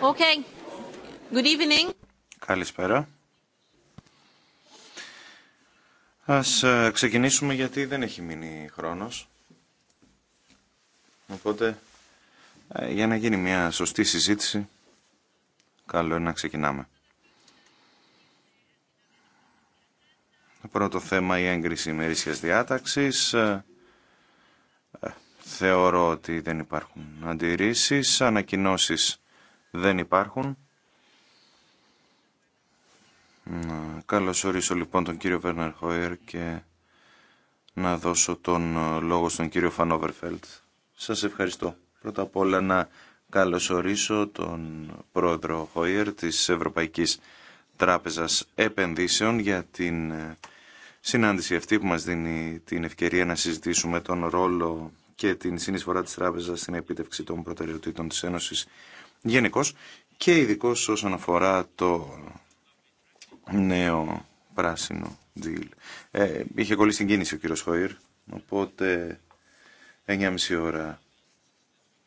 Okay. Good evening. Καλησπέρα. Ας ε, ξεκινήσουμε γιατί δεν έχει μείνει χρόνος. Οπότε, ε, για να γίνει μια σωστή συζήτηση, καλό είναι να ξεκινάμε. Το πρώτο θέμα η έγκριση ημερήσιας διάταξης. Ε, θεωρώ ότι δεν υπάρχουν αντιρρήσεις, ανακοινώσεις δεν υπάρχουν. Να καλωσορίσω λοιπόν τον κύριο Βέρναρ Χόιερ και να δώσω τον ε, λόγο στον κύριο Φανόβερφελτ. Σας ευχαριστώ. Πρώτα απ' όλα να καλωσορίσω τον πρόεδρο Χόιερ της Ευρωπαϊκής Τράπεζας Επενδύσεων για την ε, συνάντηση αυτή που μας δίνει την ευκαιρία να συζητήσουμε τον ρόλο και την συνεισφορά της Τράπεζας στην επίτευξη των προτεραιοτήτων της Ένωσης Γενικώ, και ειδικώ όσον αφορά το νέο πράσινο deal. Ε, είχε κολλήσει την κίνηση ο κύριο Χόιρ, οπότε 9.30 ώρα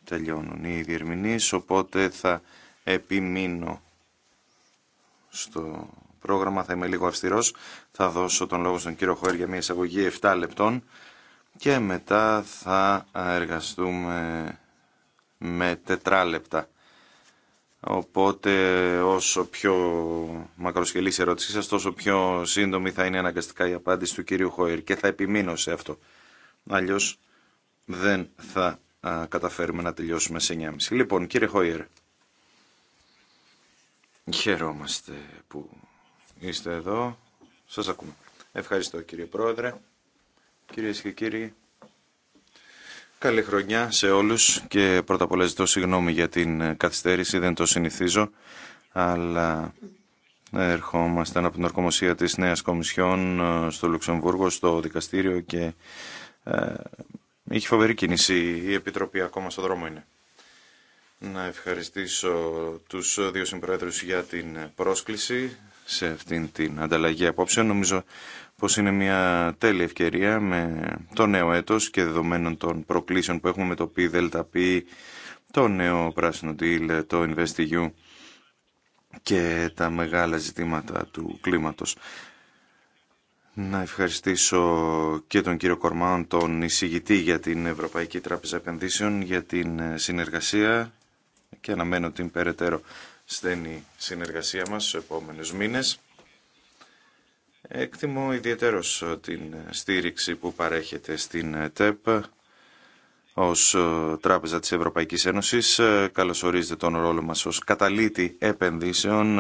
τελειώνουν οι διερμηνείς, οπότε θα επιμείνω στο πρόγραμμα, θα είμαι λίγο αυστηρός, θα δώσω τον λόγο στον κύριο Χόιρ για μια εισαγωγή 7 λεπτών και μετά θα εργαστούμε με τετράλεπτα Οπότε όσο πιο μακροσκελής ερώτησή σας, τόσο πιο σύντομη θα είναι αναγκαστικά η απάντηση του κυρίου Χόιρ και θα επιμείνω σε αυτό. Αλλιώς δεν θα καταφέρουμε να τελειώσουμε σε 9.30. Λοιπόν, κύριε Χόιερ, χαιρόμαστε που είστε εδώ. Σας ακούμε. Ευχαριστώ κύριε Πρόεδρε. Κυρίες και κύριοι, Καλή χρονιά σε όλους και πρώτα απ' όλα ζητώ συγγνώμη για την ε, καθυστέρηση, δεν το συνηθίζω, αλλά ερχόμαστε από την ορκομοσία της Νέας Κομισιόν ε, στο Λουξεμβούργο, στο δικαστήριο και ε, είχε φοβερή κίνηση, η Επιτροπή ακόμα στο δρόμο είναι. Να ευχαριστήσω τους δύο συμπρόεδρους για την πρόσκληση σε αυτήν την ανταλλαγή απόψεων πως είναι μια τέλεια ευκαιρία με το νέο έτος και δεδομένων των προκλήσεων που έχουμε με το πί, το νέο πράσινο deal, το InvestEU και τα μεγάλα ζητήματα του κλίματος. Να ευχαριστήσω και τον κύριο Κορμάν, τον εισηγητή για την Ευρωπαϊκή Τράπεζα Επενδύσεων, για την συνεργασία και αναμένω την περαιτέρω στενή συνεργασία μας στους επόμενους μήνες. Εκτιμώ ιδιαίτερος ε, την στήριξη που παρέχεται στην ε, ΤΕΠ ως ε, Τράπεζα της Ευρωπαϊκής Ένωσης. Καλωσορίζεται τον ρόλο μας ως καταλήτη επενδύσεων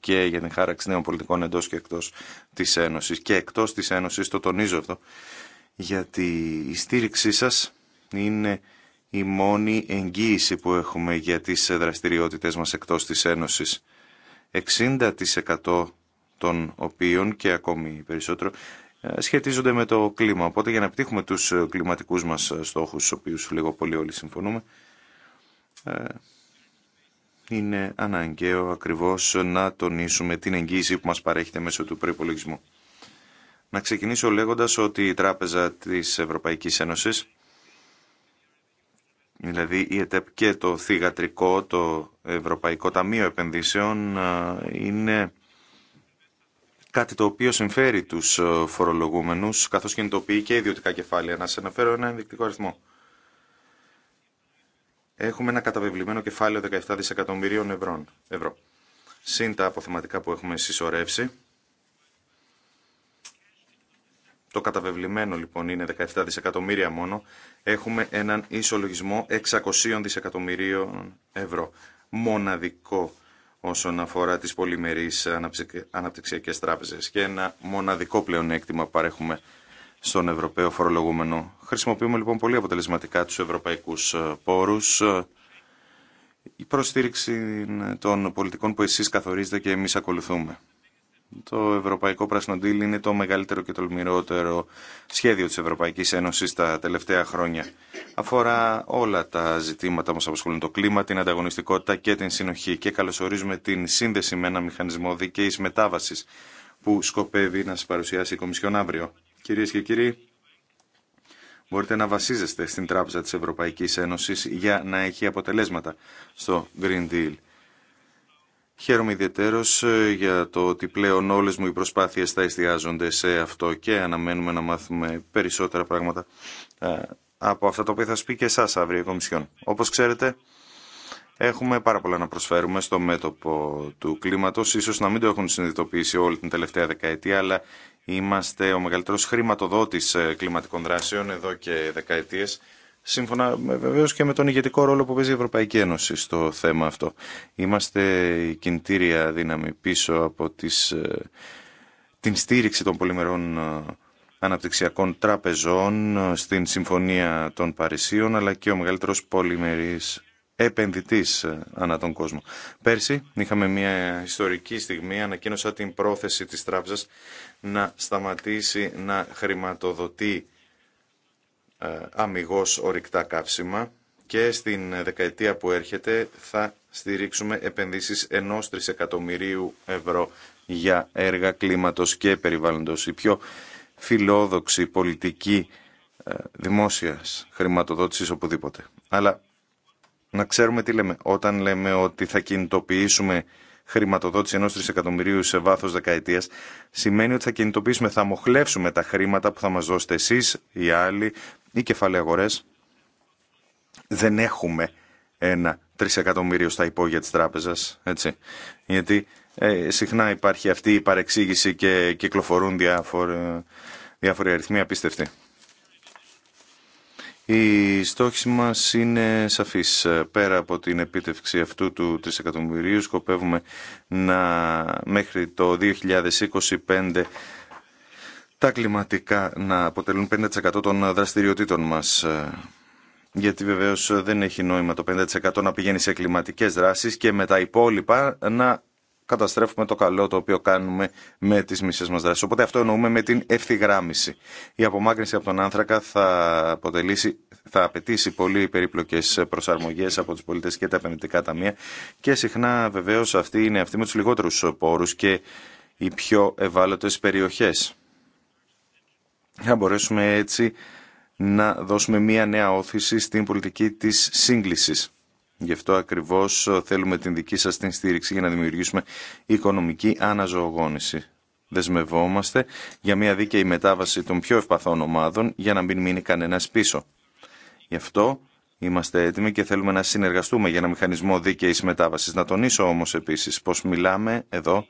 και για την χάραξη νέων πολιτικών εντός και εκτός της Ένωσης. Και εκτός της Ένωσης το τονίζω αυτό, γιατί η στήριξή σας είναι η μόνη εγγύηση που έχουμε για τις δραστηριότητες μας εκτός της Ένωσης. 60% των οποίων και ακόμη περισσότερο ε, σχετίζονται με το κλίμα. Οπότε για να επιτύχουμε τους ε, κλιματικούς μας ε, στόχους, στους οποίους λίγο πολύ όλοι συμφωνούμε, είναι αναγκαίο ακριβώς να τονίσουμε την εγγύηση που μας παρέχεται μέσω του προϋπολογισμού. Να ξεκινήσω λέγοντας ότι η Τράπεζα της Ευρωπαϊκής Ένωσης, δηλαδή η ΕΤΕΠ και το θηγατρικό, το Ευρωπαϊκό Ταμείο Επενδύσεων, είναι κάτι το οποίο συμφέρει τους ε, φορολογούμενους, καθώς κινητοποιεί και ιδιωτικά κεφάλαια. Να σα αναφέρω ένα ενδεικτικό αριθμό. Έχουμε ένα καταβεβλημένο κεφάλαιο 17 δισεκατομμυρίων ευρώ. ευρώ. Συν τα αποθεματικά που έχουμε συσσωρεύσει. Το καταβεβλημένο λοιπόν είναι 17 δισεκατομμύρια μόνο. Έχουμε έναν ισολογισμό 600 δισεκατομμυρίων ευρώ. Μοναδικό όσον αφορά τις πολυμερείς αναπτυξιακές τράπεζες και ένα μοναδικό πλεονέκτημα που παρέχουμε στον Ευρωπαίο φορολογούμενο. Χρησιμοποιούμε λοιπόν πολύ αποτελεσματικά τους ευρωπαϊκούς ε, πόρους. Η προστήριξη των πολιτικών που εσείς καθορίζετε και εμείς ακολουθούμε. Το Ευρωπαϊκό Πράσινο Deal είναι το μεγαλύτερο και τολμηρότερο σχέδιο της Ευρωπαϊκής Ένωσης τα τελευταία χρόνια. Αφορά όλα τα ζητήματα που μας απασχολούν το κλίμα, την ανταγωνιστικότητα και την συνοχή και καλωσορίζουμε την σύνδεση με ένα μηχανισμό δικαίης μετάβασης που σκοπεύει να σα παρουσιάσει η Κομισιόν αύριο. Κυρίες και κύριοι, μπορείτε να βασίζεστε στην Τράπεζα της Ευρωπαϊκής Ένωσης για να έχει αποτελέσματα στο Green Deal. Χαίρομαι ιδιαίτερο ε, για το ότι πλέον όλε μου οι προσπάθειε θα εστιάζονται σε αυτό και αναμένουμε να μάθουμε περισσότερα πράγματα ε, από αυτά τα οποία θα σας πει και εσά αύριο η Κομισιόν. Όπως ξέρετε, έχουμε πάρα πολλά να προσφέρουμε στο μέτωπο του κλίματος. Ίσως να μην το έχουν συνειδητοποιήσει όλη την τελευταία δεκαετία, αλλά είμαστε ο μεγαλύτερο χρηματοδότης ε, κλιματικών δράσεων εδώ και δεκαετίες σύμφωνα βεβαίως και με τον ηγετικό ρόλο που παίζει η Ευρωπαϊκή Ένωση στο θέμα αυτό. Είμαστε η κινητήρια δύναμη πίσω από τις, ε, την στήριξη των πολυμερών ε, αναπτυξιακών τραπεζών ε, στην Συμφωνία των Παρισίων, αλλά και ο μεγαλύτερος πολυμερής επενδυτής ανά τον κόσμο. Πέρσι είχαμε μια ιστορική στιγμή, ανακοίνωσα την πρόθεση της τράπεζας να σταματήσει να χρηματοδοτεί ε, αμυγός ορυκτά καύσιμα και στην δεκαετία που έρχεται θα στηρίξουμε επενδύσεις ενός τρισεκατομμυρίου ευρώ για έργα κλίματος και περιβάλλοντος. Η πιο φιλόδοξη πολιτική ε, δημόσιας χρηματοδότησης οπουδήποτε. Αλλά να ξέρουμε τι λέμε. Όταν λέμε ότι θα κινητοποιήσουμε χρηματοδότηση ενό τρισεκατομμυρίου σε βάθο δεκαετία, σημαίνει ότι θα κινητοποιήσουμε, θα μοχλεύσουμε τα χρήματα που θα μα δώσετε εσεί, οι άλλοι, οι κεφαλαίοι αγορέ. Δεν έχουμε ένα τρισεκατομμύριο στα υπόγεια τη τραπεζα έτσι. Γιατί ε, συχνά υπάρχει αυτή η παρεξήγηση και κυκλοφορούν διάφορα διάφοροι αριθμοί απίστευτοι η στόχοι μας είναι σαφείς. Ε, πέρα από την επίτευξη αυτού του τρισεκατομμυρίου σκοπεύουμε να μέχρι το 2025 τα κλιματικά να αποτελούν 50% των δραστηριοτήτων μας. Ε, γιατί βεβαίως δεν έχει νόημα το 50% να πηγαίνει σε κλιματικές δράσεις και με τα υπόλοιπα να καταστρέφουμε το καλό το οποίο κάνουμε με τις μισές μας δράσεις. Οπότε αυτό εννοούμε με την ευθυγράμμιση. Η απομάκρυνση από τον άνθρακα θα, θα απαιτήσει πολύ περιπλοκές προσαρμογές από τους πολίτες και τα επενδυτικά ταμεία και συχνά βεβαίως αυτή είναι αυτή με τους λιγότερους πόρους και οι πιο ευάλωτες περιοχές. Θα μπορέσουμε έτσι να δώσουμε μία νέα όθηση στην πολιτική της σύγκλησης. Γι' αυτό ακριβώς ε, θέλουμε την δική σας την στήριξη για να δημιουργήσουμε οικονομική αναζωογόνηση. Δεσμευόμαστε για μια δίκαιη μετάβαση των πιο ευπαθών ομάδων για να μην μείνει κανένας πίσω. Γι' αυτό είμαστε έτοιμοι και θέλουμε να συνεργαστούμε για ένα μηχανισμό δίκαιη μετάβαση. Να τονίσω όμω επίση πω μιλάμε εδώ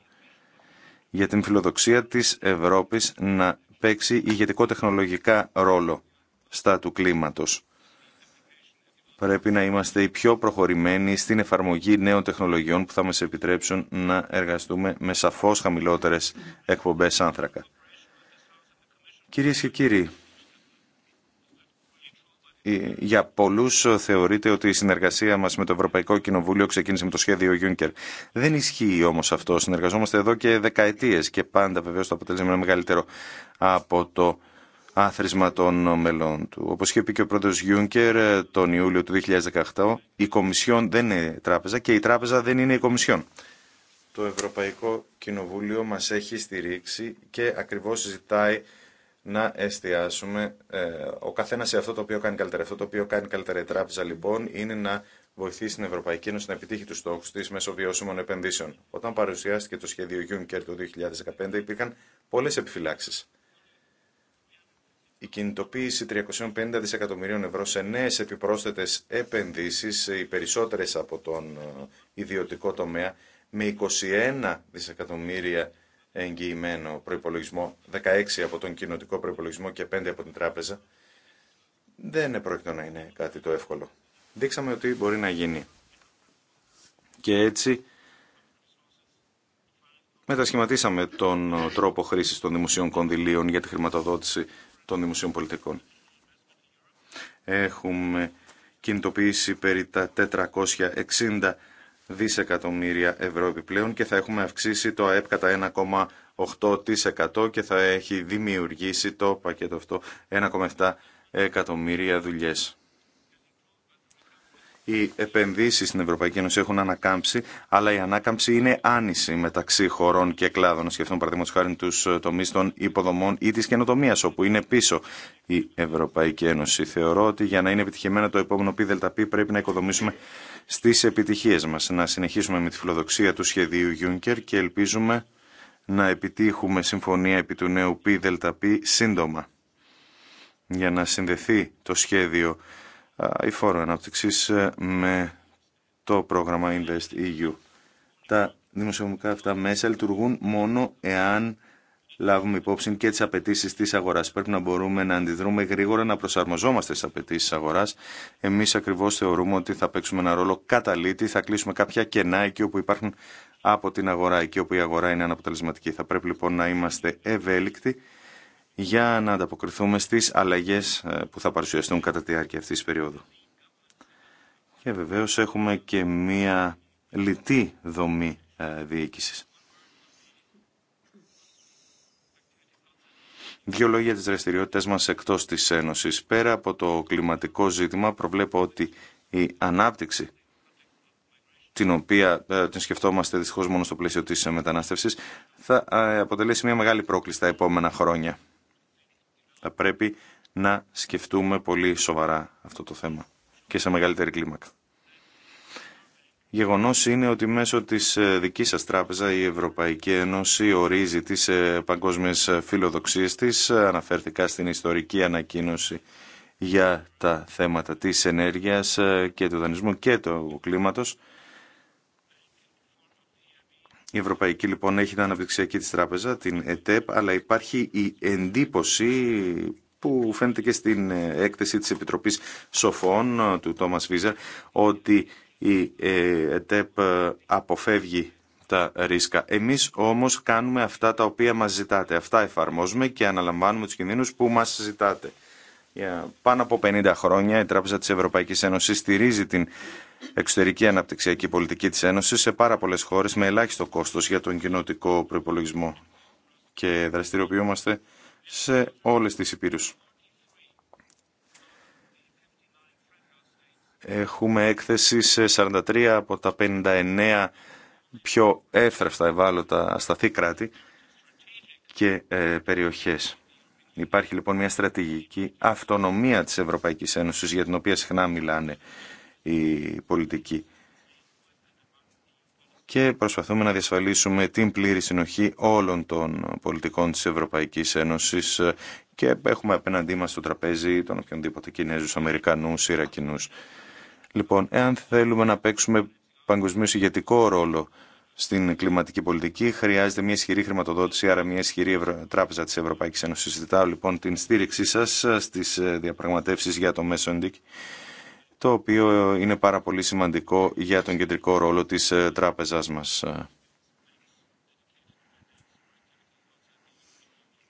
για την φιλοδοξία τη Ευρώπη να παίξει ηγετικό τεχνολογικά ρόλο στα του κλίματος πρέπει να είμαστε οι πιο προχωρημένοι στην εφαρμογή νέων τεχνολογιών που θα μας επιτρέψουν να εργαστούμε με σαφώς χαμηλότερες εκπομπές άνθρακα. Κύριε και κύριοι, ε, για πολλού θεωρείται ότι η συνεργασία μα με το Ευρωπαϊκό Κοινοβούλιο ξεκίνησε με το σχέδιο Juncker. Δεν ισχύει όμω αυτό. Συνεργαζόμαστε εδώ και δεκαετίε και πάντα βεβαίω το αποτέλεσμα είναι μεγαλύτερο από το άθροισμα των μελών του. Όπω είχε πει και ο πρόεδρος Γιούνκερ ε, τον Ιούλιο του 2018, η Κομισιόν δεν είναι τράπεζα και η τράπεζα δεν είναι η Κομισιόν. Το Ευρωπαϊκό Κοινοβούλιο μα έχει στηρίξει και ακριβώ ζητάει να εστιάσουμε ε, ο καθένα σε αυτό το οποίο κάνει καλύτερα. Αυτό το οποίο κάνει καλύτερα η τράπεζα λοιπόν είναι να βοηθήσει την Ευρωπαϊκή Ένωση να επιτύχει του στόχου τη μέσω βιώσιμων επενδύσεων. Όταν παρουσιάστηκε το σχέδιο Juncker το 2015 υπήρχαν πολλέ επιφυλάξει. Η κινητοποίηση 350 δισεκατομμυρίων ευρώ σε νέες επιπρόσθετες επενδύσεις, οι περισσότερες από τον ε, ιδιωτικό τομέα, με 21 δισεκατομμύρια εγγυημένο προπολογισμό, 16 από τον κοινοτικό προϋπολογισμό και 5 από την τράπεζα, δεν πρόκειται να είναι κάτι το εύκολο. Δείξαμε ότι μπορεί να γίνει. Και έτσι μετασχηματίσαμε τον ε, τρόπο χρήσης των δημοσίων κονδυλίων για τη χρηματοδότηση των δημοσίων πολιτικών. Έχουμε κινητοποιήσει περί τα 460 δισεκατομμύρια ευρώ επιπλέον και θα έχουμε αυξήσει το ΑΕΠ κατά 1,8% και θα έχει δημιουργήσει το πακέτο αυτό 1,7 εκατομμύρια δουλειές οι επενδύσει στην Ευρωπαϊκή Ένωση έχουν ανακάμψει, αλλά η ανάκαμψη είναι άνηση μεταξύ χωρών και κλάδων. Σκεφτούμε παραδείγματο χάρη του ε, τομεί των υποδομών ή της καινοτομία, όπου είναι πίσω η τη καινοτομια οπου Ένωση. Θεωρώ ότι για να είναι επιτυχημένα το επόμενο ΠΔΠ πρέπει να οικοδομήσουμε στι επιτυχίε μα να συνεχίσουμε με τη φιλοδοξία του σχεδίου Juncker και ελπίζουμε να επιτύχουμε συμφωνία επί του νέου ΠΔΠ σύντομα για να συνδεθεί το σχέδιο η φόρο αναπτύξή ε, με το πρόγραμμα Invest EU. Τα δημοσιονομικά αυτά μέσα λειτουργούν μόνο εάν λάβουμε υπόψη και τι απαιτήσει τη αγοράς. Πρέπει να μπορούμε να αντιδρούμε γρήγορα, να προσαρμοζόμαστε στι απαιτήσει τη αγοράς. Εμείς ακριβώς θεωρούμε ότι θα παίξουμε ένα ρόλο καταλήτη, θα κλείσουμε κάποια κενά εκεί όπου υπάρχουν από την αγορά, εκεί όπου η αγορά είναι αναποτελεσματική. Θα πρέπει λοιπόν να είμαστε ευέλικτοι για να ανταποκριθούμε στις αλλαγές ε, που θα παρουσιαστούν κατά τη διάρκεια αυτής της περίοδου. Και βεβαίως έχουμε και μία λιτή δομή ε, διοίκησης. Δύο λόγια της δραστηριότητας μας εκτός της Ένωσης. Πέρα από το κλιματικό ζήτημα προβλέπω ότι η ανάπτυξη την οποία ε, την σκεφτόμαστε δυστυχώ μόνο στο πλαίσιο της μετανάστευσης, θα αποτελέσει μια μεγάλη πρόκληση τα επόμενα χρόνια. Θα πρέπει να σκεφτούμε πολύ σοβαρά αυτό το θέμα και σε μεγαλύτερη κλίμακα. Γεγονός είναι ότι μέσω της ε, δικής σας τράπεζα η Ευρωπαϊκή Ένωση ορίζει τις ε, παγκόσμιες ε, φιλοδοξίες της. Αναφέρθηκα στην ιστορική ανακοίνωση για τα θέματα της ενέργειας και του δανεισμού και του κλίματος η Ευρωπαϊκή λοιπόν έχει την αναπτυξιακή της τράπεζα, την ΕΤΕΠ, αλλά υπάρχει η εντύπωση που φαίνεται και στην ε, έκθεση της Επιτροπής Σοφών ε, του Τόμας Βίζερ ότι η ε, ΕΤΕΠ αποφεύγει τα ρίσκα. Εμείς όμως κάνουμε αυτά τα οποία μας ζητάτε. Αυτά εφαρμόζουμε και αναλαμβάνουμε τους κινδύνους που μας ζητάτε. Για πάνω από 50 χρόνια η Τράπεζα της Ευρωπαϊκής Ένωσης στηρίζει την εξωτερική αναπτυξιακή πολιτική της Ένωσης σε πάρα πολλές χώρες με ελάχιστο κόστος για τον κοινοτικό προϋπολογισμό και δραστηριοποιούμαστε σε όλες τις υπήρους. Έχουμε έκθεση σε 43 από τα 59 πιο εύθραυστα ευάλωτα ασταθή κράτη και ε, περιοχές. Υπάρχει λοιπόν μια στρατηγική αυτονομία της Ευρωπαϊκής Ένωσης για την οποία συχνά μιλάνε η πολιτική. Και προσπαθούμε να διασφαλίσουμε την πλήρη συνοχή όλων των πολιτικών της Ευρωπαϊκής Ένωσης και έχουμε απέναντί μας στο τραπέζι των οποιονδήποτε Κινέζους, Αμερικανούς, Ιρακινούς. Λοιπόν, εάν θέλουμε να παίξουμε παγκοσμίως ηγετικό ρόλο στην κλιματική πολιτική. Χρειάζεται μια ισχυρή χρηματοδότηση, άρα μια ισχυρή τράπεζα της Ευρωπαϊκής Ένωσης Ζητάω λοιπόν την στήριξή σας στις ε, διαπραγματεύσει για το μέσο το οποίο είναι πάρα πολύ σημαντικό για τον κεντρικό ρόλο της ε, τράπεζάς μας.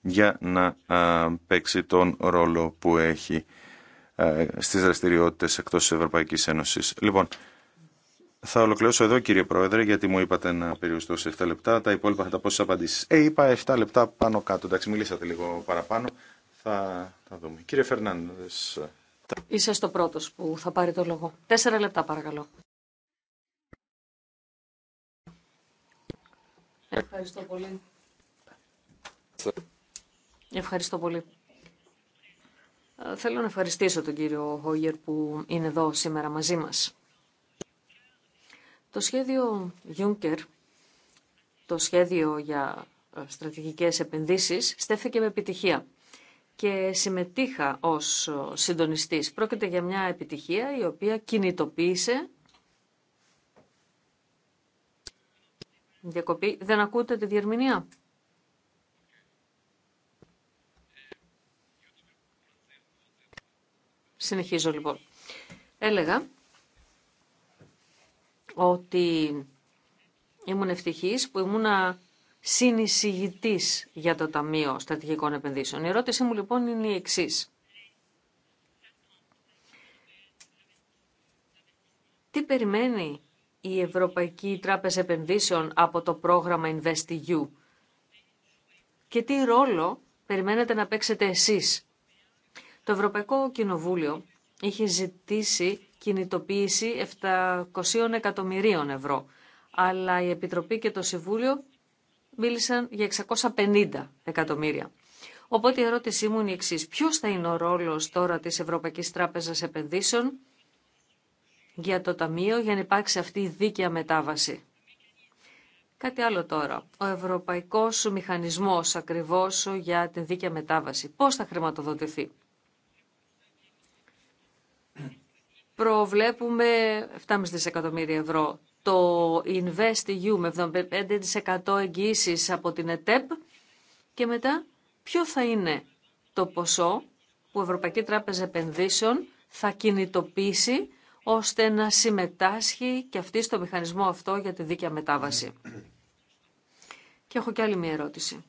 για να παίξει τον ρόλο που έχει ε, στις δραστηριότητες εκτός της Ευρωπαϊκής Ένωσης. Λοιπόν, θα ολοκληρώσω εδώ κύριε Πρόεδρε, γιατί μου είπατε να περιοριστώ σε 7 λεπτά. Τα υπόλοιπα θα τα πω στις απαντήσεις. Ε, είπα 7 λεπτά πάνω κάτω. Εντάξει, μιλήσατε λίγο παραπάνω. Θα, θα δούμε. Κύριε Φερνάνδες, Είσαι στο πρώτος που θα πάρει το λόγο. Τέσσερα λεπτά παρακαλώ. Ευχαριστώ πολύ. Ευχαριστώ πολύ. Ε, θέλω να ευχαριστήσω τον κύριο Χόγερ που είναι εδώ σήμερα μαζί μας. Το σχέδιο Juncker, το σχέδιο για ε, στρατηγικές επενδύσεις, στέφθηκε με επιτυχία και συμμετείχα ως ε, συντονιστής. Πρόκειται για μια επιτυχία η οποία κινητοποίησε... Διακοπή. Δεν ακούτε τη διερμηνία. Συνεχίζω λοιπόν. Έλεγα ότι ήμουν ευτυχής που ήμουν συνεισηγητή για το Ταμείο Στρατηγικών Επενδύσεων. Η ερώτησή μου λοιπόν είναι η εξή. Τι περιμένει η Ευρωπαϊκή Τράπεζα Επενδύσεων από το πρόγραμμα InvestEU και τι ρόλο περιμένετε να παίξετε εσείς. Το Ευρωπαϊκό Κοινοβούλιο είχε ζητήσει κινητοποίηση 700 εκατομμυρίων ευρώ, αλλά η Επιτροπή και το Συμβούλιο μίλησαν για 650 εκατομμύρια. Οπότε η ερώτησή μου είναι η εξής. Ποιος θα είναι ο ρόλος τώρα της Ευρωπαϊκής Τράπεζας Επενδύσεων για το Ταμείο για να υπάρξει αυτή η δίκαια μετάβαση. Κάτι άλλο τώρα. Ο Ευρωπαϊκός Μηχανισμός ακριβώς για τη δίκαια μετάβαση. Πώς θα χρηματοδοτηθεί. Προβλέπουμε 7,5 δισεκατομμύρια ευρώ το InvestEU με 75% εγγύησης από την ΕΤΕΠ και μετά ποιο θα είναι το ποσό που η Ευρωπαϊκή Τράπεζα Επενδύσεων θα κινητοποιήσει ώστε να συμμετάσχει και αυτή στο μηχανισμό αυτό για τη δίκαια μετάβαση. Και έχω και άλλη μία ερώτηση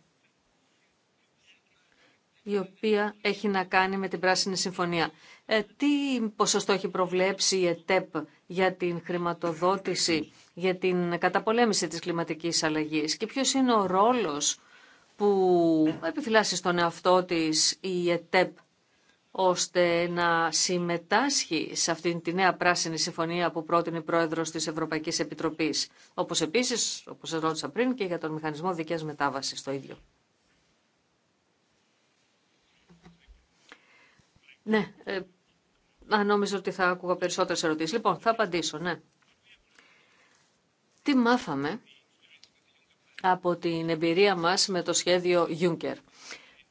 η οποία έχει να κάνει με την Πράσινη Συμφωνία. Ε, τι ποσοστό έχει προβλέψει η ΕΤΕΠ για την χρηματοδότηση, για την καταπολέμηση της κλιματικής αλλαγής και ποιος είναι ο ρόλος που επιφυλάσσει στον εαυτό της η ΕΤΕΠ ώστε να συμμετάσχει σε αυτήν τη νέα πράσινη συμφωνία που πρότεινε η πρόεδρος της Ευρωπαϊκής Επιτροπής. Όπως επίσης, όπως σας ρώτησα πριν, και για τον μηχανισμό δικαίας μετάβασης το ίδιο. Ναι, ε, αν νόμιζα ότι θα ακούγα περισσότερες ερωτήσεις. Λοιπόν, θα απαντήσω, ναι. Τι μάθαμε από την εμπειρία μας με το σχέδιο Juncker.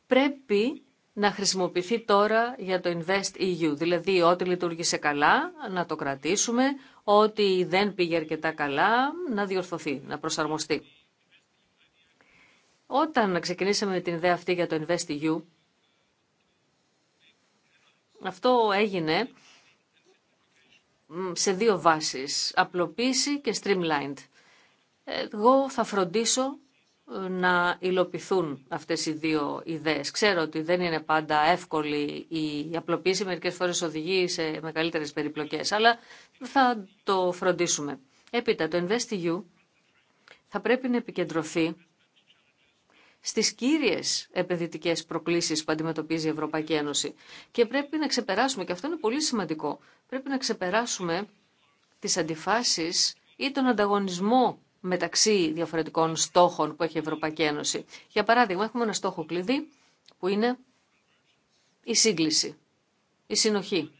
Πρέπει να χρησιμοποιηθεί τώρα για το Invest EU. Δηλαδή, ό,τι λειτουργήσε καλά, να το κρατήσουμε, ό,τι δεν πήγε αρκετά καλά, να διορθωθεί, να προσαρμοστεί. Όταν ξεκινήσαμε με την ιδέα αυτή για το InvestEU, αυτό έγινε σε δύο βάσεις, απλοποίηση και streamlined. Εγώ θα φροντίσω ε, να υλοποιηθούν αυτές οι δύο ιδέες. Ξέρω ότι δεν είναι πάντα εύκολη η απλοποίηση, μερικές φορές οδηγεί σε μεγαλύτερες περιπλοκές, αλλά θα το φροντίσουμε. Έπειτα, το InvestEU θα πρέπει να επικεντρωθεί στις κύριε επενδυτικέ προκλήσεις που αντιμετωπίζει η Ευρωπαϊκή Ένωση. Και πρέπει να ξεπεράσουμε, και αυτό είναι πολύ σημαντικό, πρέπει να ξεπεράσουμε τις αντιφάσεις ή τον ανταγωνισμό μεταξύ διαφορετικών στόχων που έχει η Ευρωπαϊκή Ένωση. Για παράδειγμα, έχουμε ένα στόχο κλειδί που είναι η σύγκληση, η συνοχή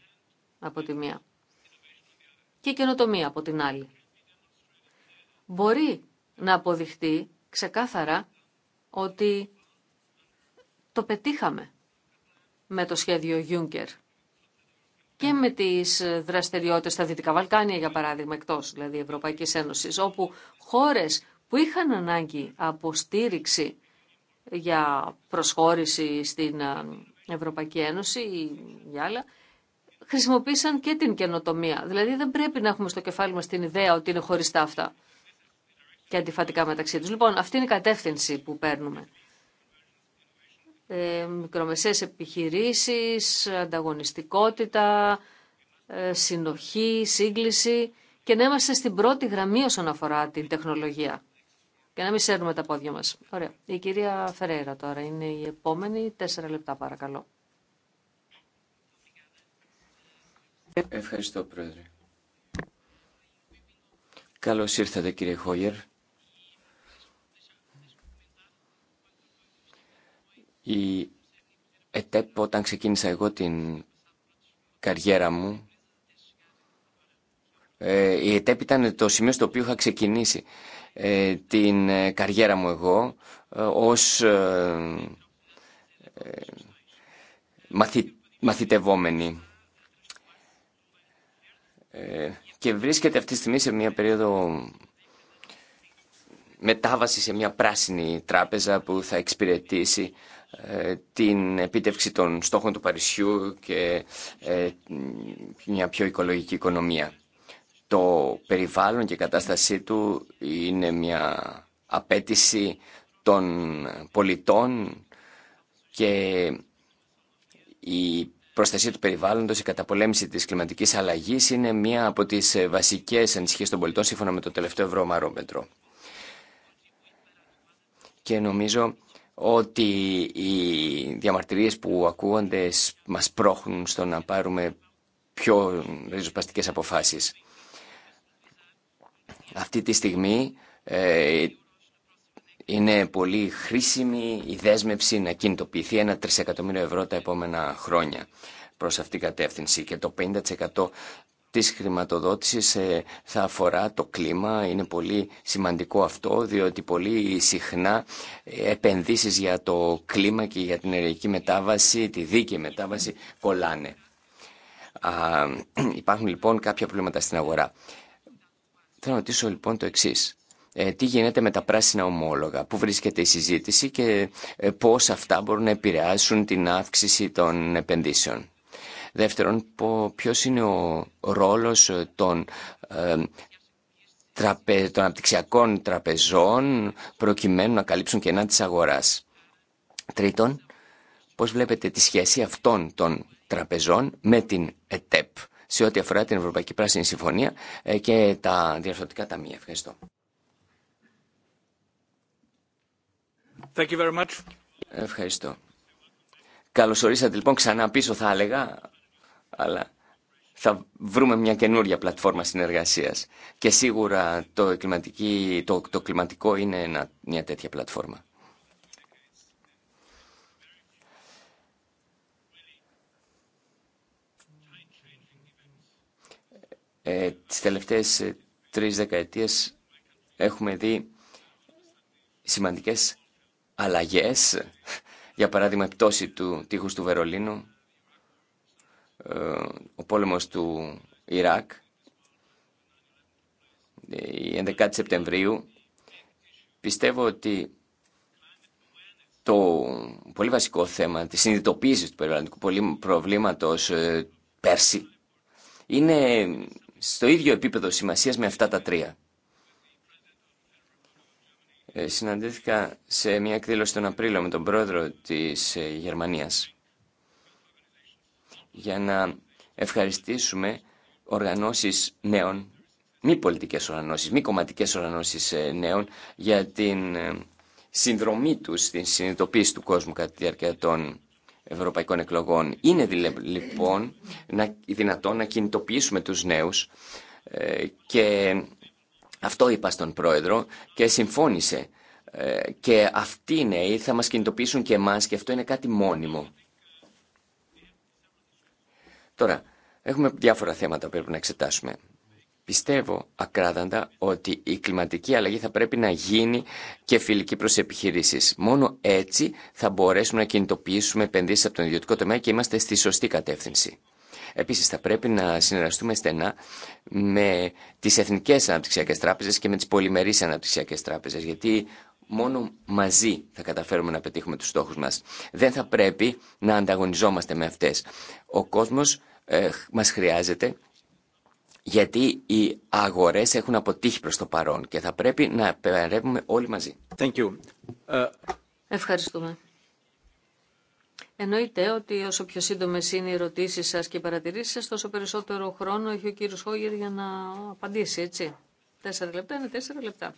από τη μία και η καινοτομία από την άλλη. Μπορεί να αποδειχτεί ξεκάθαρα ότι το πετύχαμε με το σχέδιο Juncker και με τις δραστηριότητες στα Δυτικά Βαλκάνια, για παράδειγμα, εκτός δηλαδή Ευρωπαϊκής Ένωσης, όπου χώρες που είχαν ανάγκη από στήριξη για προσχώρηση στην ε, Ευρωπαϊκή Ένωση ή για άλλα, χρησιμοποίησαν και την καινοτομία. Δηλαδή δεν πρέπει να έχουμε στο κεφάλι μας την ιδέα ότι είναι χωριστά αυτά και αντιφατικά μεταξύ τους. Λοιπόν, αυτή είναι η κατεύθυνση που παίρνουμε. Ε, μικρομεσαίες επιχειρήσεις, ανταγωνιστικότητα, ε, συνοχή, σύγκληση και να είμαστε στην πρώτη γραμμή όσον αφορά την τεχνολογία και να μην σέρνουμε τα πόδια μας. Ωραία. Η κυρία Φερέιρα τώρα είναι η επόμενη. Τέσσερα λεπτά παρακαλώ. Ευχαριστώ, Πρόεδρε. Καλώς ήρθατε, κύριε Χόγερ. Η ΕΤΕΠ όταν ξεκίνησα εγώ την καριέρα μου, ε, η ΕΤΕΠ ήταν το σημείο στο οποίο είχα ξεκινήσει ε, την ε, καριέρα μου εγώ ως μαθη, μαθητευόμενη. Και βρίσκεται αυτή τη στιγμή σε μια περίοδο μετάβαση σε μια πράσινη τράπεζα που θα εξυπηρετήσει την επίτευξη των στόχων του Παρισιού και ε, μια πιο οικολογική οικονομία. Το περιβάλλον και η κατάστασή του είναι μια απέτηση των πολιτών και η προστασία του περιβάλλοντος, η καταπολέμηση της κλιματικής αλλαγής είναι μία από τις βασικές ανησυχίες των πολιτών σύμφωνα με το τελευταίο ευρωμαρόμετρο. Και νομίζω ότι οι διαμαρτυρίες που ακούγονται μας πρόχνουν στο να πάρουμε πιο ριζοσπαστικές αποφάσεις. Αυτή τη στιγμή ε, είναι πολύ χρήσιμη η δέσμευση να κινητοποιηθεί ένα τρισεκατομμύριο ευρώ τα επόμενα χρόνια προς αυτήν την κατεύθυνση και το 50% της χρηματοδότησης ε, θα αφορά το κλίμα. Είναι πολύ σημαντικό αυτό, διότι πολύ συχνά ε, επενδύσεις για το κλίμα και για την ενεργειακή μετάβαση, τη δίκαιη μετάβαση, κολλάνε. υπάρχουν λοιπόν κάποια προβλήματα στην αγορά. Θέλω να ρωτήσω λοιπόν το εξή. Ε, τι γίνεται με τα πράσινα ομόλογα, πού βρίσκεται η συζήτηση και πώς αυτά μπορούν να επηρεάσουν την αύξηση των επενδύσεων. Δεύτερον, ποιος είναι ο ρόλος ε, των, ε, τραπε, των απτυξιακών τραπεζών προκειμένου να καλύψουν κενά της αγοράς. Τρίτον, πώς βλέπετε τη σχέση αυτών των τραπεζών με την ΕΤΕΠ σε ό,τι αφορά την Ευρωπαϊκή Πράσινη Συμφωνία ε, και τα διαρθρωτικά ταμεία. Ευχαριστώ. Thank you very much. Ευχαριστώ. Καλώς λοιπόν ξανά πίσω θα έλεγα αλλά θα βρούμε μια καινούρια πλατφόρμα συνεργασίας. Και σίγουρα το, το, κλιματικό είναι μια τέτοια πλατφόρμα. Ε, τις τελευταίες ε, τρεις δεκαετίες έχουμε δει σημαντικές αλλαγές. Για παράδειγμα, πτώση του τείχους του Βερολίνου ο πόλεμος του Ιράκ η 11η Σεπτεμβρίου πιστεύω ότι το πολύ βασικό θέμα της συνειδητοποίηση του περιβαλλοντικού προβλήματος ε, πέρσι είναι στο ίδιο επίπεδο σημασίας με αυτά τα τρία. Ε, συναντήθηκα σε μια εκδήλωση τον Απρίλιο με τον πρόεδρο της ε, Γερμανίας για να ευχαριστήσουμε οργανώσεις νέων, μη πολιτικές οργανώσεις, μη κομματικές οργανώσεις ε, νέων για την ε, συνδρομή τους την συνειδητοποίηση του κόσμου κατά τη διάρκεια των ευρωπαϊκών εκλογών. Είναι λοιπόν να, δυνατόν να κινητοποιήσουμε τους νέους ε, και αυτό είπα στον πρόεδρο και συμφώνησε και αυτοί οι νέοι θα μας κινητοποιήσουν και εμάς και αυτό είναι κάτι μόνιμο. Τώρα, έχουμε διάφορα θέματα που πρέπει να εξετάσουμε. Πιστεύω ακράδαντα ότι η κλιματική αλλαγή θα πρέπει να γίνει και φιλική προς επιχειρήσεις. Μόνο έτσι θα μπορέσουμε να κινητοποιήσουμε επενδύσεις από τον ιδιωτικό τομέα και είμαστε στη σωστή κατεύθυνση. Επίσης θα πρέπει να συνεργαστούμε στενά με τις εθνικές αναπτυξιακές τράπεζες και με τις πολυμερείς αναπτυξιακές τράπεζες γιατί μόνο μαζί θα καταφέρουμε να πετύχουμε τους στόχους μας. Δεν θα πρέπει να ανταγωνιζόμαστε με αυτές. Ο κόσμος ε, μας χρειάζεται γιατί οι αγορές έχουν αποτύχει προς το παρόν και θα πρέπει να επενδύουμε όλοι μαζί. Thank you. Ε, Ευχαριστούμε. Εννοείται ότι όσο πιο σύντομε είναι οι ερωτήσει σα και οι παρατηρήσει σα, τόσο περισσότερο χρόνο έχει ο κύριο Χόγερ για να απαντήσει, έτσι. Τέσσερα λεπτά είναι τέσσερα λεπτά.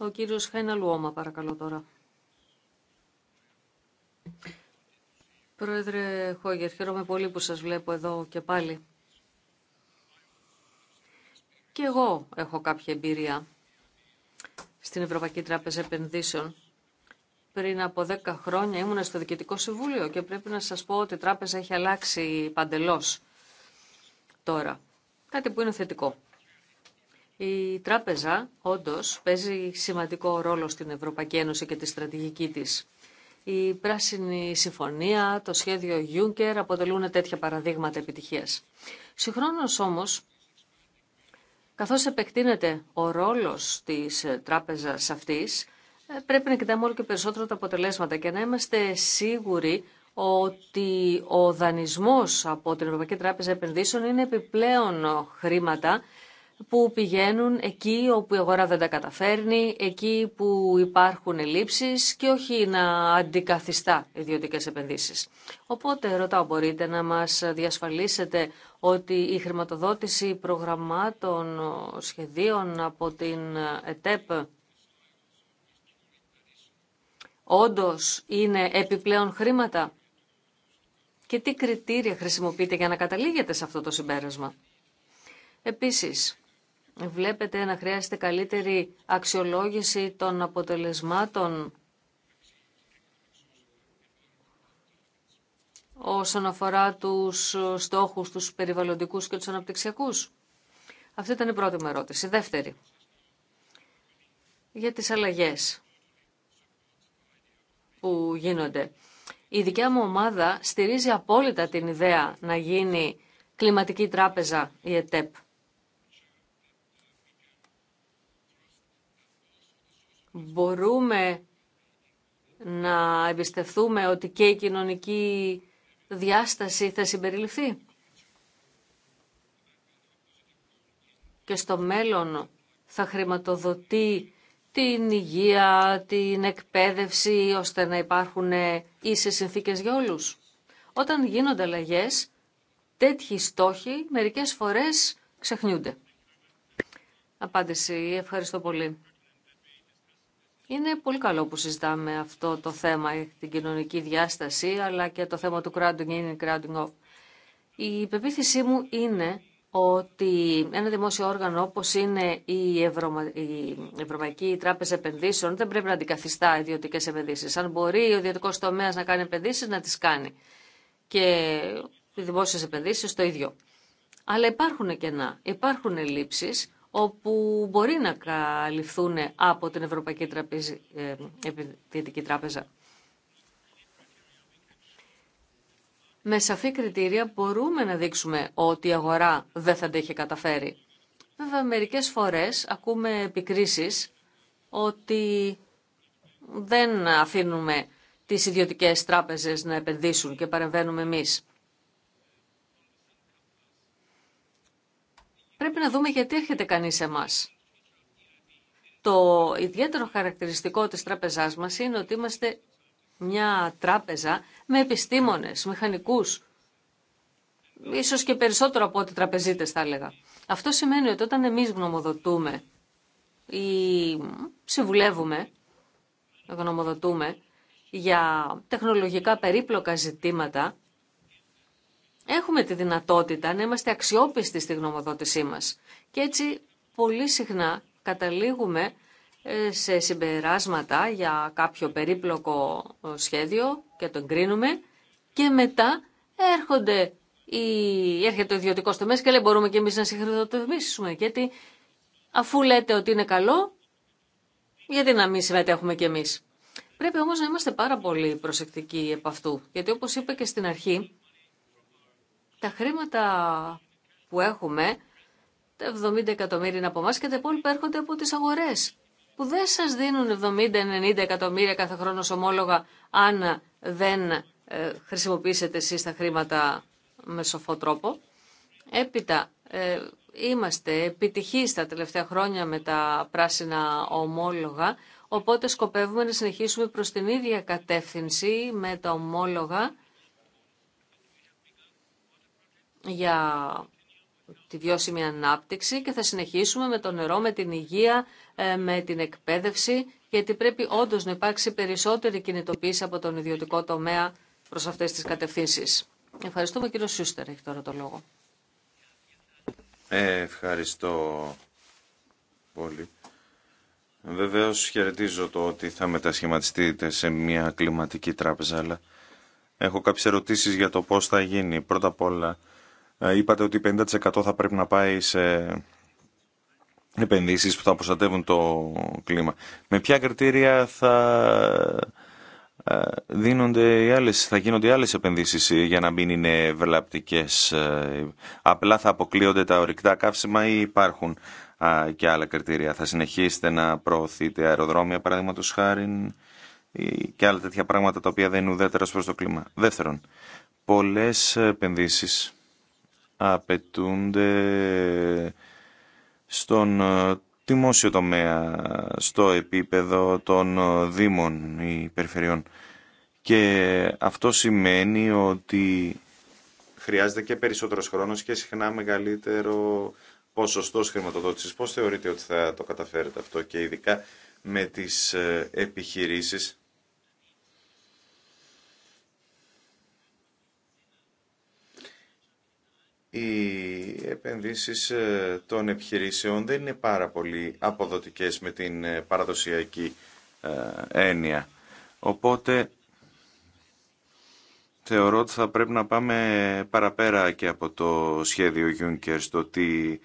Ο κύριος Χένα Λουόμα, παρακαλώ τώρα. Πρόεδρε Χόγερ, χαίρομαι πολύ που σας βλέπω εδώ και πάλι. Και εγώ έχω κάποια εμπειρία στην Ευρωπαϊκή Τράπεζα Επενδύσεων. Πριν από 10 χρόνια ήμουν στο Διοικητικό Συμβούλιο και πρέπει να σας πω ότι η τράπεζα έχει αλλάξει παντελώς τώρα. Κάτι που είναι θετικό. Η τράπεζα όντως παίζει σημαντικό ρόλο στην Ευρωπαϊκή Ένωση και τη στρατηγική της. Η Πράσινη Συμφωνία, το σχέδιο Juncker αποτελούν τέτοια παραδείγματα επιτυχίας. Συγχρόνως όμως, καθώς επεκτείνεται ο ρόλος της τράπεζας αυτής, ε, πρέπει να κοιτάμε όλο και περισσότερο τα αποτελέσματα και να είμαστε σίγουροι ότι ο δανεισμός από την Ευρωπαϊκή Τράπεζα Επενδύσεων είναι επιπλέον χρήματα που πηγαίνουν εκεί όπου η αγορά δεν τα καταφέρνει, εκεί που υπάρχουν ελλείψεις και όχι να αντικαθιστά ιδιωτικές επενδύσεις. Οπότε ρωτάω, μπορείτε να μας διασφαλίσετε ότι η χρηματοδότηση προγραμμάτων, σχεδίων από την ΕΤΕΠ όντως είναι επιπλέον χρήματα και τι κριτήρια χρησιμοποιείτε για να καταλήγετε σε αυτό το συμπέρασμα. Επίσης, βλέπετε να χρειάζεται καλύτερη αξιολόγηση των αποτελεσμάτων όσον αφορά τους στόχους, τους περιβαλλοντικούς και τους αναπτυξιακούς. Αυτή ήταν η πρώτη μου ερώτηση. δεύτερη, για τις αλλαγές που γίνονται. Η δικιά μου ομάδα στηρίζει απόλυτα την ιδέα να γίνει κλιματική τράπεζα η ΕΤΕΠ. Μπορούμε να εμπιστευτούμε ότι και η κοινωνική διάσταση θα συμπεριληφθεί. Και στο μέλλον θα χρηματοδοτεί την υγεία, την εκπαίδευση, ώστε να υπάρχουν ίσες συνθήκες για όλους. Όταν γίνονται αλλαγέ, τέτοιοι στόχοι μερικές φορές ξεχνιούνται. Απάντηση. Ευχαριστώ πολύ. Είναι πολύ καλό που συζητάμε αυτό το θέμα, την κοινωνική διάσταση, αλλά και το θέμα του crowding in and crowding off. Η πεποίθησή μου είναι ότι ένα δημόσιο όργανο όπως είναι η, Ευρωμα... η Ευρωπαϊκή Τράπεζα Επενδύσεων δεν πρέπει να αντικαθιστά ιδιωτικές επενδύσεις. Αν μπορεί ο ιδιωτικός τομέας να κάνει επενδύσεις, να τις κάνει. Και οι δημόσιες επενδύσεις το ίδιο. Αλλά υπάρχουν κενά, υπάρχουν λήψεις, όπου μπορεί να καλυφθούν από την Ευρωπαϊκή ε, Τράπεζα. Με σαφή κριτήρια μπορούμε να δείξουμε ότι η αγορά δεν θα τα έχει καταφέρει. Βέβαια, μερικές φορές ακούμε επικρίσεις ότι δεν αφήνουμε τις ιδιωτικές τράπεζες να επενδύσουν και παρεμβαίνουμε εμείς. πρέπει να δούμε γιατί έρχεται κανείς σε μας. Το ιδιαίτερο χαρακτηριστικό της τράπεζάς μας είναι ότι είμαστε μια τράπεζα με επιστήμονες, μηχανικούς, ίσως και περισσότερο από ό,τι τραπεζίτες θα έλεγα. Αυτό σημαίνει ότι όταν εμείς γνωμοδοτούμε ή συμβουλεύουμε, γνωμοδοτούμε για τεχνολογικά περίπλοκα ζητήματα, έχουμε τη δυνατότητα να είμαστε αξιόπιστοι στη γνωμοδότησή μας. Και έτσι πολύ συχνά καταλήγουμε ε, σε συμπεράσματα για κάποιο περίπλοκο ε, σχέδιο και τον κρίνουμε και μετά έρχονται η... έρχεται ο ιδιωτικό τομέα και λέει μπορούμε και εμείς να συγχρηματοδοτήσουμε γιατί αφού λέτε ότι είναι καλό γιατί να μην συμμετέχουμε κι εμείς. Πρέπει όμως να είμαστε πάρα πολύ προσεκτικοί επ' αυτού γιατί όπως είπα και στην αρχή τα χρήματα που έχουμε, τα 70 εκατομμύρια είναι από εμά και τα υπόλοιπα έρχονται από τι αγορέ που δεν σα δίνουν 70-90 εκατομμύρια κάθε χρόνο ομόλογα αν δεν ε, χρησιμοποιήσετε εσεί τα χρήματα με σοφό τρόπο. Έπειτα, ε, είμαστε επιτυχεί τα τελευταία χρόνια με τα πράσινα ομόλογα, οπότε σκοπεύουμε να συνεχίσουμε προς την ίδια κατεύθυνση με τα ομόλογα για τη βιώσιμη ανάπτυξη και θα συνεχίσουμε με το νερό, με την υγεία, ε, με την εκπαίδευση, γιατί πρέπει όντως να υπάρξει περισσότερη κινητοποίηση από τον ιδιωτικό τομέα προς αυτές τις κατευθύνσεις. Ευχαριστούμε κύριο Σούστερ, έχει τώρα το λόγο. Ε, ευχαριστώ πολύ. Βεβαίω χαιρετίζω το ότι θα μετασχηματιστείτε σε μια κλιματική τράπεζα, αλλά έχω κάποιες ερωτήσεις για το πώς θα γίνει. Πρώτα απ' όλα, ε, είπατε ότι 50% θα πρέπει να πάει σε επενδύσεις που θα προστατεύουν το κλίμα. Με ποια κριτήρια θα ε, δίνονται οι άλλες, θα γίνονται οι άλλες επενδύσεις για να μην είναι ευλαπτικές. Ε, απλά θα αποκλείονται τα ορυκτά καύσιμα ή υπάρχουν και άλλα κριτήρια. Θα συνεχίσετε να προωθείτε αεροδρόμια παραδείγματο χάρη και άλλα τέτοια πράγματα τα οποία δεν είναι ουδέτερα προς το κλίμα. Δεύτερον, πολλές επενδύσεις απαιτούνται στον ε, δημόσιο τομέα, στο επίπεδο των ε, δήμων ή περιφερειών. Και αυτό σημαίνει ότι χρειάζεται και περισσότερος χρόνος και συχνά μεγαλύτερο ποσοστό χρηματοδότησης. Πώς θεωρείτε ότι θα το καταφέρετε αυτό και ειδικά με τις ε, επιχειρήσεις οι επενδύσεις ε, των επιχειρήσεων δεν είναι πάρα πολύ αποδοτικές με την ε, παραδοσιακή ε, έννοια. Οπότε θεωρώ ότι θα πρέπει να πάμε παραπέρα και από το σχέδιο Juncker στο τι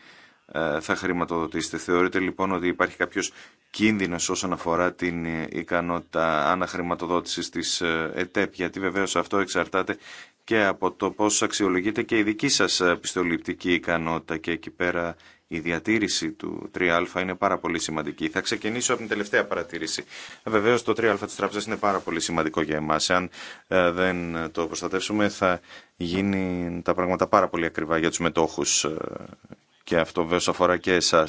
θα χρηματοδοτήσετε. Θεωρείτε λοιπόν ότι υπάρχει κάποιος κίνδυνος όσον αφορά την ε, ικανότητα αναχρηματοδότησης της ε, ΕΤΕΠ, γιατί βεβαίως αυτό εξαρτάται και από το πώς αξιολογείται και η δική σας ε, πιστοληπτική ικανότητα και εκεί πέρα η διατήρηση του 3α είναι πάρα πολύ σημαντική. Θα ξεκινήσω από την τελευταία παρατήρηση. Βεβαίω το 3α τη τράπεζα είναι πάρα πολύ σημαντικό για εμά. Αν δεν το προστατεύσουμε, θα γίνει τα πράγματα πάρα πολύ ακριβά για του μετόχου. Και αυτό βέβαια αφορά και εσά.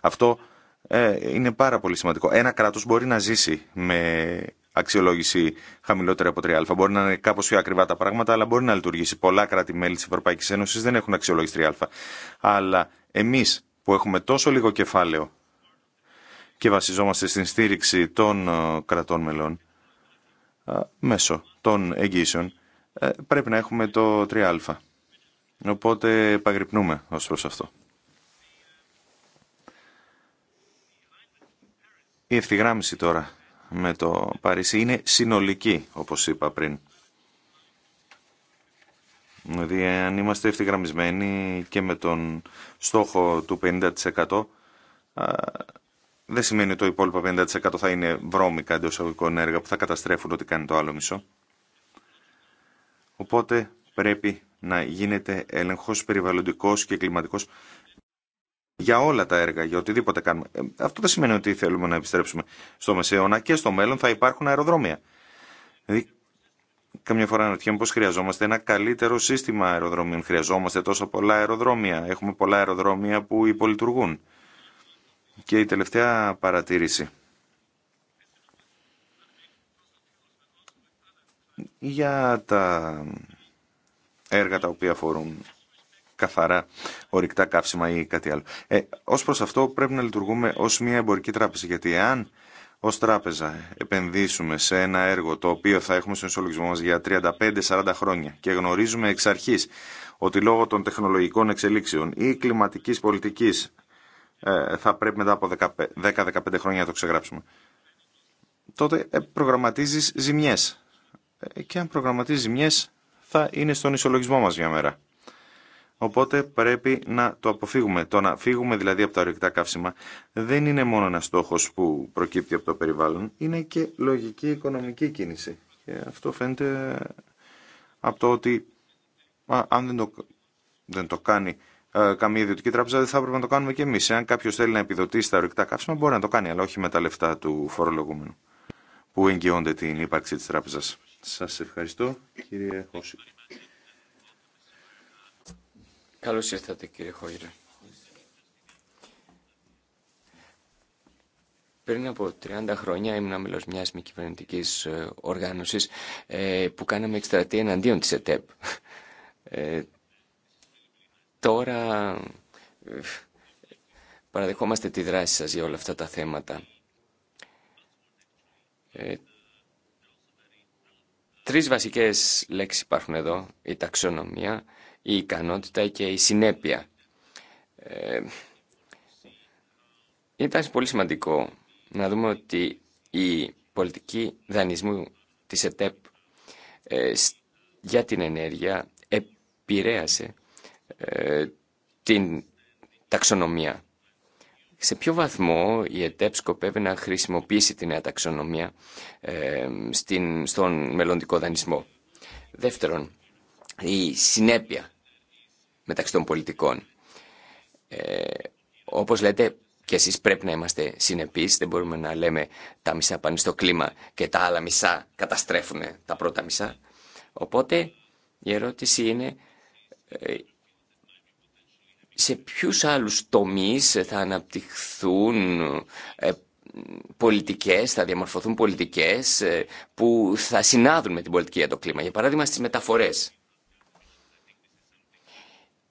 Αυτό ε, είναι πάρα πολύ σημαντικό. Ένα κράτος μπορεί να ζήσει με αξιολόγηση χαμηλότερη από 3α. Μπορεί να είναι κάπω πιο ακριβά τα πράγματα, αλλά μπορεί να λειτουργήσει. Πολλά κράτη-μέλη τη Ευρωπαϊκή Ένωση δεν έχουν αξιολόγηση 3α. Αλλά εμεί που έχουμε τόσο λίγο κεφάλαιο και βασιζόμαστε στην στήριξη των ε, κρατών μελών ε, μέσω των εγγύσεων, πρέπει να έχουμε το 3α. Οπότε επαγρυπνούμε ως προς αυτό. Η ευθυγράμμιση τώρα με το Παρίσι είναι συνολική, όπως είπα πριν. Δηλαδή, αν είμαστε ευθυγραμμισμένοι και με τον στόχο του 50%, δεν σημαίνει ότι το υπόλοιπο 50% θα είναι βρώμικα εντό αγωγικών έργα που θα καταστρέφουν ό,τι κάνει το άλλο μισό. Οπότε πρέπει να γίνεται έλεγχος περιβαλλοντικός και κλιματικός για όλα τα έργα, για οτιδήποτε κάνουμε. Ε, αυτό δεν σημαίνει ότι θέλουμε να επιστρέψουμε στο μεσαίωνα και στο μέλλον θα υπάρχουν αεροδρόμια. Δηλαδή, καμιά φορά αναρωτιέμαι πώ χρειαζόμαστε ένα καλύτερο σύστημα αεροδρομίων. Χρειαζόμαστε τόσο πολλά αεροδρόμια. Έχουμε πολλά αεροδρόμια που υπολειτουργούν. Και η τελευταία παρατήρηση. Για τα έργα τα οποία αφορούν καθαρά ορυκτά καύσιμα ή κάτι άλλο. Ε, ως προς αυτό πρέπει να λειτουργούμε ω μια εμπορική τράπεζα, γιατί εάν ω τράπεζα επενδύσουμε σε ένα έργο το οποίο θα έχουμε στον ισολογισμό μα για 35-40 χρόνια και γνωρίζουμε εξ αρχή ότι λόγω των τεχνολογικών εξελίξεων ή κλιματικής ε, θα πρέπει μετά από 10-15 χρόνια να το ξεγράψουμε, τότε ε, προγραμματίζεις ζημιές. Ε, και αν προγραμματίζει ζημιέ, θα είναι στον ισολογισμό μα μια μέρα. Οπότε πρέπει να το αποφύγουμε. Το να φύγουμε δηλαδή από τα ορυκτά καύσιμα δεν είναι μόνο ένα στόχο που προκύπτει από το περιβάλλον, είναι και λογική οικονομική κίνηση. Και αυτό φαίνεται από το ότι αν δεν το, δεν το κάνει ε, καμία ιδιωτική τράπεζα, δεν θα έπρεπε να το κάνουμε και εμεί. Εάν κάποιο θέλει να επιδοτήσει τα ορυκτά καύσιμα, μπορεί να το κάνει, αλλά όχι με τα λεφτά του φορολογούμενου που εγγυώνται την ύπαρξη τη τράπεζα. Σα ευχαριστώ, κύριε Χώση. Καλώς ήρθατε κύριε Χόιρε. Πριν από 30 χρόνια ήμουν μέλο μιας μη κυβερνητική ε, οργάνωσης ε, που κάναμε εκστρατεία εναντίον της ΕΤΕΠ. Ε, τώρα παραδεχόμαστε τη δράση σας για όλα αυτά τα θέματα. Ε, τρεις βασικές λέξεις υπάρχουν εδώ. Η ταξονομία, η ικανότητα και η συνέπεια. Ε, ήταν πολύ σημαντικό να δούμε ότι η πολιτική δανεισμού της ΕΤΕΠ ε, για την ενέργεια επηρέασε ε, την ταξονομία. Σε ποιο βαθμό η ΕΤΕΠ σκοπεύει να χρησιμοποιήσει τη νέα ταξονομία ε, στην, στον μελλοντικό δανεισμό. Δεύτερον, η συνέπεια μεταξύ των πολιτικών. Ε, όπως λέτε και εσείς πρέπει να είμαστε συνεπείς, δεν μπορούμε να λέμε τα μισά πάνε στο κλίμα και τα άλλα μισά καταστρέφουν τα πρώτα μισά. Οπότε η ερώτηση είναι ε, σε ποιους άλλους τομείς θα αναπτυχθούν ε, πολιτικές, θα διαμορφωθούν πολιτικές ε, που θα συνάδουν με την πολιτική για το κλίμα. Για παράδειγμα στις μεταφορές.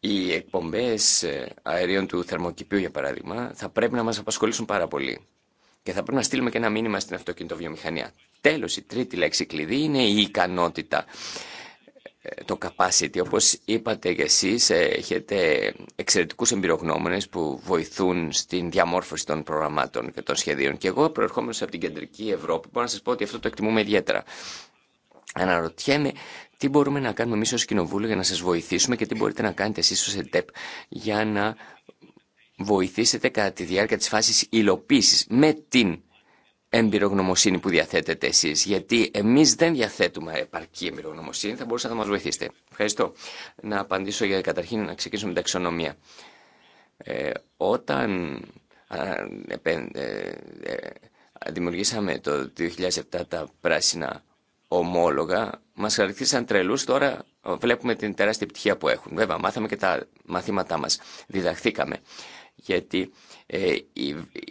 Οι εκπομπέ ε, αερίων του θερμοκηπίου, για παράδειγμα, θα πρέπει να μα απασχολήσουν πάρα πολύ. Και θα πρέπει να στείλουμε και ένα μήνυμα στην αυτοκινητοβιομηχανία. Τέλο, η τρίτη λέξη κλειδί είναι η ικανότητα. Ε, το capacity, όπως είπατε και εσείς, ε, έχετε εξαιρετικούς εμπειρογνώμονε που βοηθούν στην διαμόρφωση των προγραμμάτων και των σχεδίων. Και εγώ, προερχόμενος από την κεντρική Ευρώπη, μπορώ να σας πω ότι αυτό το εκτιμούμε ιδιαίτερα. Αναρωτιέμαι τι μπορούμε να κάνουμε εμεί ω Κοινοβούλιο για να σα βοηθήσουμε και τι μπορείτε να κάνετε εσείς ως ΕΤΕΠ για να βοηθήσετε κατά τη διάρκεια της φάσης υλοποίηση με την εμπειρογνωμοσύνη που διαθέτετε εσείς. Γιατί εμείς δεν διαθέτουμε επαρκή εμπειρογνωμοσύνη, θα μπορούσατε να μα βοηθήσετε. Ευχαριστώ. Να απαντήσω για καταρχήν να ξεκινήσουμε με ταξονομία. Ε, όταν ε, ε, δημιουργήσαμε το 2007 τα πράσινα ομόλογα μας χαρακτήρισαν τρελούς, τώρα ε, βλέπουμε την τεράστια επιτυχία που έχουν. Βέβαια, μάθαμε και τα μαθήματά μας, διδαχθήκαμε, γιατί ε,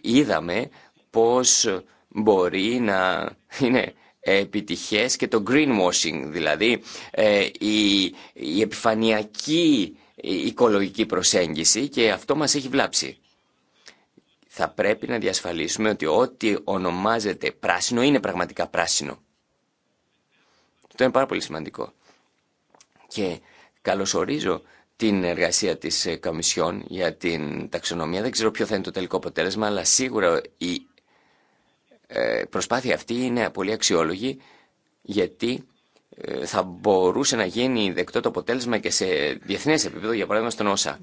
είδαμε πώς μπορεί να είναι επιτυχές και το greenwashing, δηλαδή ε, η, η επιφανειακή οικολογική προσέγγιση και αυτό μας έχει βλάψει. Θα πρέπει να διασφαλίσουμε ότι ό,τι ονομάζεται πράσινο είναι πραγματικά πράσινο. Αυτό είναι πάρα πολύ σημαντικό. Και καλωσορίζω την εργασία της ε, Καμισιόν για την ταξινομία. Δεν ξέρω ποιο θα είναι το τελικό αποτέλεσμα, αλλά σίγουρα η ε, προσπάθεια αυτή είναι πολύ αξιόλογη, γιατί ε, θα μπορούσε να γίνει δεκτό το αποτέλεσμα και σε διεθνές επίπεδο, για παράδειγμα στον ΩΣΑ.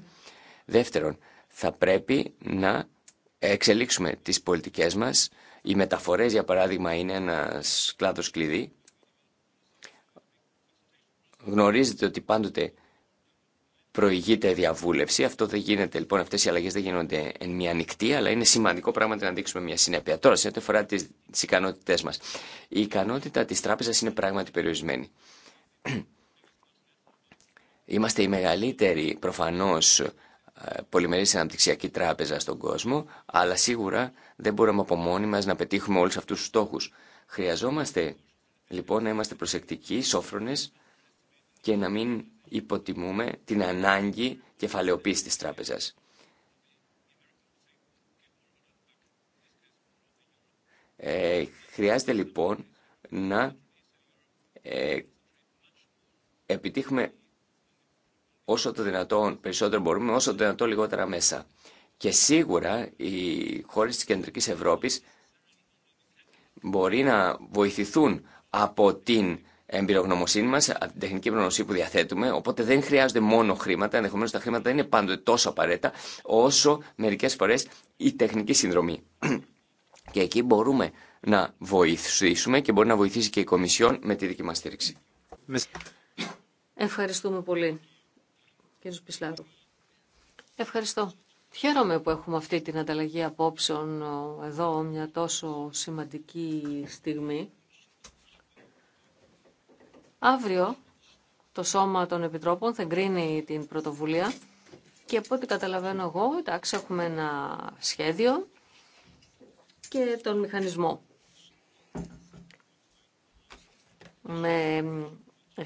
Δεύτερον, θα πρέπει να εξελίξουμε τις πολιτικές μας. Οι μεταφορές, για παράδειγμα, είναι ένας κλάδος κλειδί Γνωρίζετε ότι πάντοτε προηγείται διαβούλευση. Αυτό δεν γίνεται λοιπόν, αυτέ οι αλλαγέ δεν γίνονται εν μία νυχτή, αλλά είναι σημαντικό πράγμα να δείξουμε μια συνέπεια. Τώρα, σε ό,τι αφορά τι ικανότητέ μα. Η ικανότητα τη τράπεζα είναι πράγματι περιορισμένη. Είμαστε η μεγαλύτερη προφανώ ε, πολυμερή αναπτυξιακή τράπεζα στον κόσμο, αλλά σίγουρα δεν μπορούμε από μόνοι μας να πετύχουμε όλου αυτού του στόχου. Χρειαζόμαστε λοιπόν να είμαστε προσεκτικοί, σόφρονες, και να μην υποτιμούμε την ανάγκη κεφαλαιοποίηση της τράπεζας. Ε, χρειάζεται λοιπόν να ε, επιτύχουμε όσο το δυνατόν περισσότερο μπορούμε, όσο το δυνατόν λιγότερα μέσα. Και σίγουρα οι χώρες της κεντρικής Ευρώπης μπορεί να βοηθηθούν από την εμπειρογνωμοσύνη μα, από την τεχνική προνοσή που διαθέτουμε. Οπότε δεν χρειάζονται μόνο χρήματα. Ενδεχομένω τα χρήματα είναι πάντοτε τόσο απαραίτητα, όσο μερικέ φορέ η τεχνική συνδρομή. Και εκεί μπορούμε να βοηθήσουμε και μπορεί να βοηθήσει και η Κομισιόν με τη δική μα στήριξη. Ευχαριστούμε πολύ, κύριε Σπισλάρου. Ευχαριστώ. Χαίρομαι που έχουμε αυτή την ανταλλαγή απόψεων εδώ μια τόσο σημαντική στιγμή Αύριο το Σώμα των Επιτρόπων θα εγκρίνει την πρωτοβουλία και από ό,τι καταλαβαίνω εγώ, εντάξει, έχουμε ένα σχέδιο και τον μηχανισμό. Με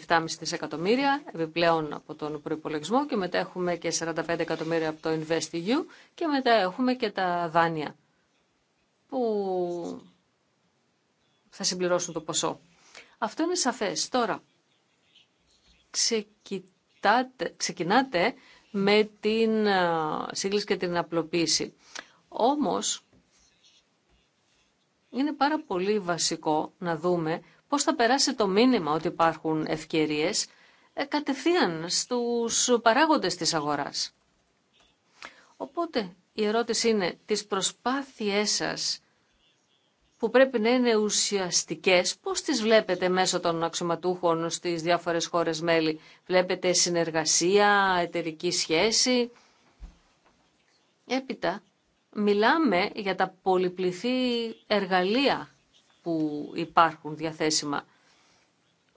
7,5 δισεκατομμύρια επιπλέον από τον προϋπολογισμό και μετά έχουμε και 45 εκατομμύρια από το InvestEU και μετά έχουμε και τα δάνεια που θα συμπληρώσουν το ποσό. Αυτό είναι σαφές. Τώρα, ξεκινάτε, με την ε, σύγκληση και την απλοποίηση. Όμως, είναι πάρα πολύ βασικό να δούμε πώς θα περάσει το μήνυμα ότι υπάρχουν ευκαιρίες ε, κατευθείαν στους παράγοντες της αγοράς. Οπότε η ερώτηση είναι, τις προσπάθειές σας που πρέπει να είναι ουσιαστικές, πώς τις βλέπετε μέσω των αξιωματούχων στις διάφορες χώρες μέλη. Βλέπετε συνεργασία, εταιρική σχέση. Έπειτα, μιλάμε για τα πολυπληθή εργαλεία που υπάρχουν διαθέσιμα.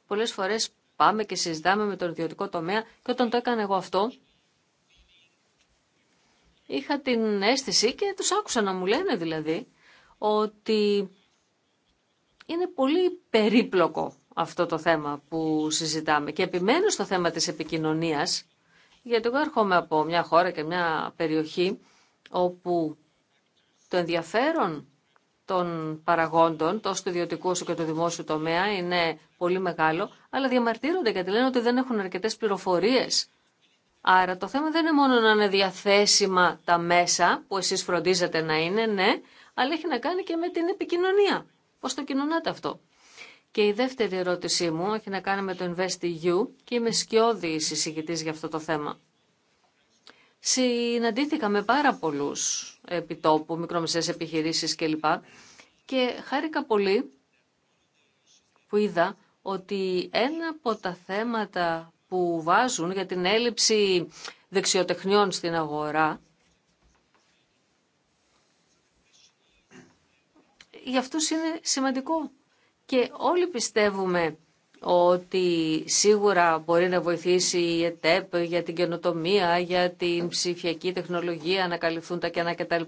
Πολλές φορές πάμε και συζητάμε με τον ιδιωτικό τομέα και όταν το έκανα εγώ αυτό, είχα την αίσθηση και τους άκουσα να μου λένε δηλαδή, ότι είναι πολύ περίπλοκο αυτό το θέμα που συζητάμε και επιμένω στο θέμα της επικοινωνίας γιατί εγώ έρχομαι από μια χώρα και μια περιοχή όπου το ενδιαφέρον των παραγόντων, τόσο του ιδιωτικού όσο και του δημόσιου τομέα, είναι πολύ μεγάλο, αλλά διαμαρτύρονται γιατί λένε ότι δεν έχουν αρκετές πληροφορίες. Άρα το θέμα δεν είναι μόνο να είναι διαθέσιμα τα μέσα που εσείς φροντίζετε να είναι, ναι, αλλά έχει να κάνει και με την επικοινωνία. Πώς το κοινωνάτε αυτό. Και η δεύτερη ερώτησή μου έχει να κάνει με το InvestEU και είμαι σκιώδη συζητητής για αυτό το θέμα. Συναντήθηκα με πάρα πολλού επιτόπου, μικρομεσέ επιχειρήσεις κλπ. Και χάρηκα πολύ που είδα ότι ένα από τα θέματα που βάζουν για την έλλειψη δεξιοτεχνιών στην αγορά για αυτούς είναι σημαντικό. Και όλοι πιστεύουμε ότι σίγουρα μπορεί να βοηθήσει η ΕΤΕΠ για την καινοτομία, για την ψηφιακή τεχνολογία, να καλυφθούν τα κενά κτλ.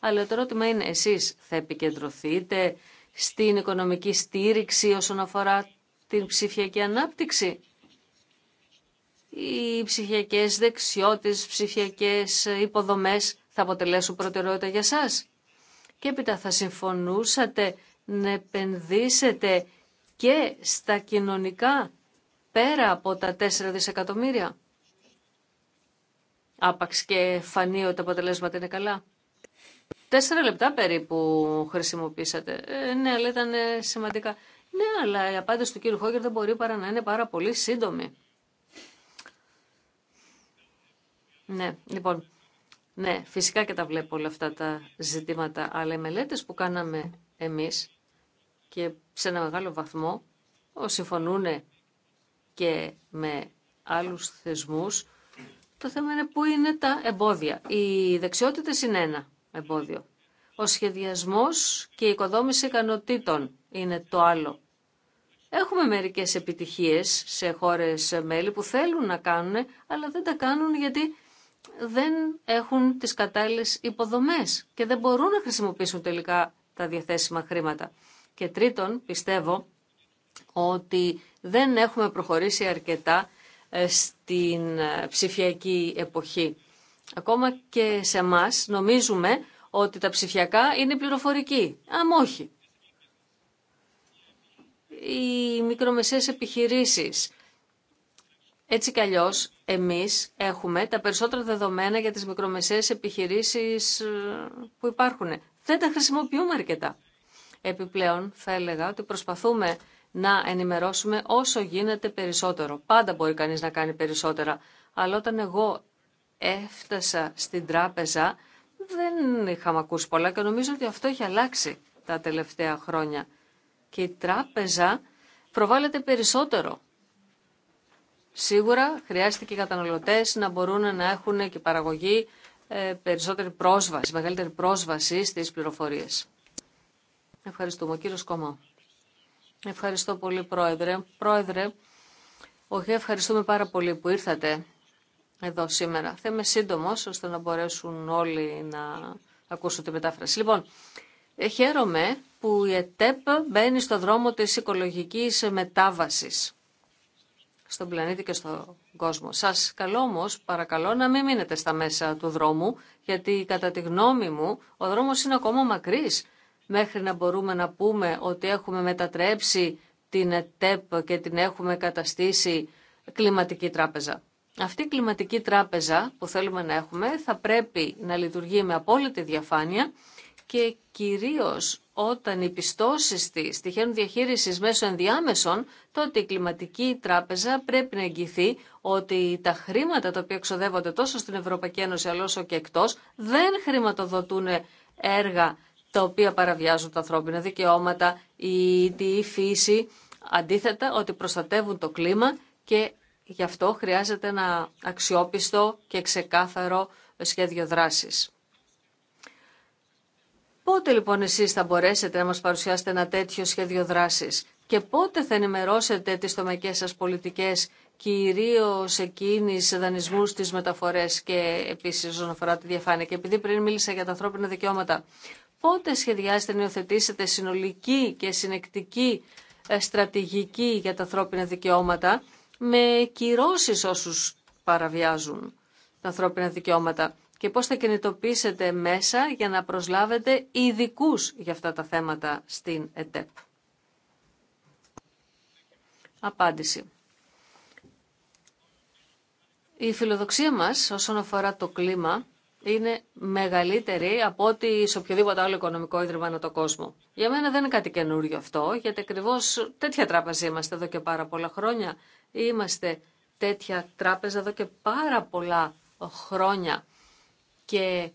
Αλλά το ερώτημα είναι εσείς θα επικεντρωθείτε στην οικονομική στήριξη όσον αφορά την ψηφιακή ανάπτυξη. Οι ψηφιακές δεξιότητες, ψηφιακές υποδομές θα αποτελέσουν προτεραιότητα για σας και έπειτα θα συμφωνούσατε να επενδύσετε και στα κοινωνικά πέρα από τα 4 δισεκατομμύρια. Άπαξ και φανεί ότι τα αποτελέσματα είναι καλά. Τέσσερα λεπτά περίπου χρησιμοποίησατε. Ε, ναι, αλλά ήταν ε, σημαντικά. Ναι, αλλά η απάντηση του κύριου Χόγκερ δεν μπορεί παρά να είναι πάρα πολύ σύντομη. Ναι, λοιπόν, ναι, φυσικά και τα βλέπω όλα αυτά τα ζητήματα, αλλά οι μελέτες που κάναμε εμείς και σε ένα μεγάλο βαθμό συμφωνούν και με άλλους θεσμούς, το θέμα είναι πού είναι τα εμπόδια. Οι δεξιότητες είναι ένα εμπόδιο. Ο σχεδιασμός και η οικοδόμηση ικανοτήτων είναι το άλλο. Έχουμε μερικές επιτυχίες σε χώρες μέλη που θέλουν να κάνουν, αλλά δεν τα κάνουν γιατί δεν έχουν τις κατάλληλες υποδομές και δεν μπορούν να χρησιμοποιήσουν τελικά τα διαθέσιμα χρήματα. Και τρίτον, πιστεύω ότι δεν έχουμε προχωρήσει αρκετά ε, στην ε, ψηφιακή εποχή. Ακόμα και σε εμά νομίζουμε ότι τα ψηφιακά είναι πληροφορική. Αμ, όχι. Οι μικρομεσαίες επιχειρήσεις, έτσι κι αλλιώ, εμείς έχουμε τα περισσότερα δεδομένα για τις μικρομεσαίες επιχειρήσεις ε, που υπάρχουν. Δεν τα χρησιμοποιούμε αρκετά. Επιπλέον θα έλεγα ότι προσπαθούμε να ενημερώσουμε όσο γίνεται περισσότερο. Πάντα μπορεί κανείς να κάνει περισσότερα. Αλλά όταν εγώ έφτασα στην τράπεζα δεν είχαμε ακούσει πολλά και νομίζω ότι αυτό έχει αλλάξει τα τελευταία χρόνια. Και η τράπεζα προβάλλεται περισσότερο Σίγουρα χρειάζεται και οι καταναλωτές να μπορούν να έχουν και παραγωγή ε, περισσότερη πρόσβαση, μεγαλύτερη πρόσβαση στις πληροφορίες. Ευχαριστούμε. Κύριο κύριος Ευχαριστώ πολύ, Πρόεδρε. Πρόεδρε, όχι, ευχαριστούμε πάρα πολύ που ήρθατε εδώ σήμερα. Θα είμαι σύντομο ώστε να μπορέσουν όλοι να ακούσουν τη μετάφραση. Λοιπόν, ε, χαίρομαι που η ΕΤΕΠ μπαίνει στο δρόμο της οικολογικής μετάβασης στον πλανήτη και στον κόσμο. Σας καλώ όμω, παρακαλώ να μην μείνετε στα μέσα του δρόμου, γιατί κατά τη γνώμη μου ο δρόμος είναι ακόμα μακρύς μέχρι να μπορούμε να πούμε ότι έχουμε μετατρέψει την ΕΤΕΠ και την έχουμε καταστήσει κλιματική τράπεζα. Αυτή η κλιματική τράπεζα που θέλουμε να έχουμε θα πρέπει να λειτουργεί με απόλυτη διαφάνεια και κυρίως όταν οι πιστώσεις της τυχαίνουν διαχείρισης μέσω ενδιάμεσων, τότε η κλιματική τράπεζα πρέπει να εγγυθεί ότι τα χρήματα τα οποία εξοδεύονται τόσο στην Ευρωπαϊκή Ένωση αλλά όσο και εκτός δεν χρηματοδοτούν έργα τα οποία παραβιάζουν τα ανθρώπινα δικαιώματα ή τη φύση. Αντίθετα, ότι προστατεύουν το κλίμα και γι' αυτό χρειάζεται ένα αξιόπιστο και ξεκάθαρο σχέδιο δράσης. Πότε λοιπόν εσείς θα μπορέσετε να μας παρουσιάσετε ένα τέτοιο σχέδιο δράσης και πότε θα ενημερώσετε τις σα σας πολιτικές κυρίως εκείνης δανεισμού στις μεταφορές και επίσης όσον αφορά τη διαφάνεια. Και επειδή πριν μίλησα για τα ανθρώπινα δικαιώματα, πότε σχεδιάζετε να υιοθετήσετε συνολική και συνεκτική ε, στρατηγική για τα ανθρώπινα δικαιώματα με κυρώσεις όσους παραβιάζουν τα ανθρώπινα δικαιώματα και πώς θα κινητοποιήσετε μέσα για να προσλάβετε ειδικού για αυτά τα θέματα στην ΕΤΕΠ. Απάντηση. Η φιλοδοξία μας όσον αφορά το κλίμα είναι μεγαλύτερη από ό,τι σε οποιοδήποτε άλλο οικονομικό ίδρυμα ανά το κόσμο. Για μένα δεν είναι κάτι καινούριο αυτό, γιατί ακριβώ τέτοια τράπεζα είμαστε εδώ και πάρα πολλά χρόνια. Είμαστε τέτοια τράπεζα εδώ και πάρα πολλά χρόνια και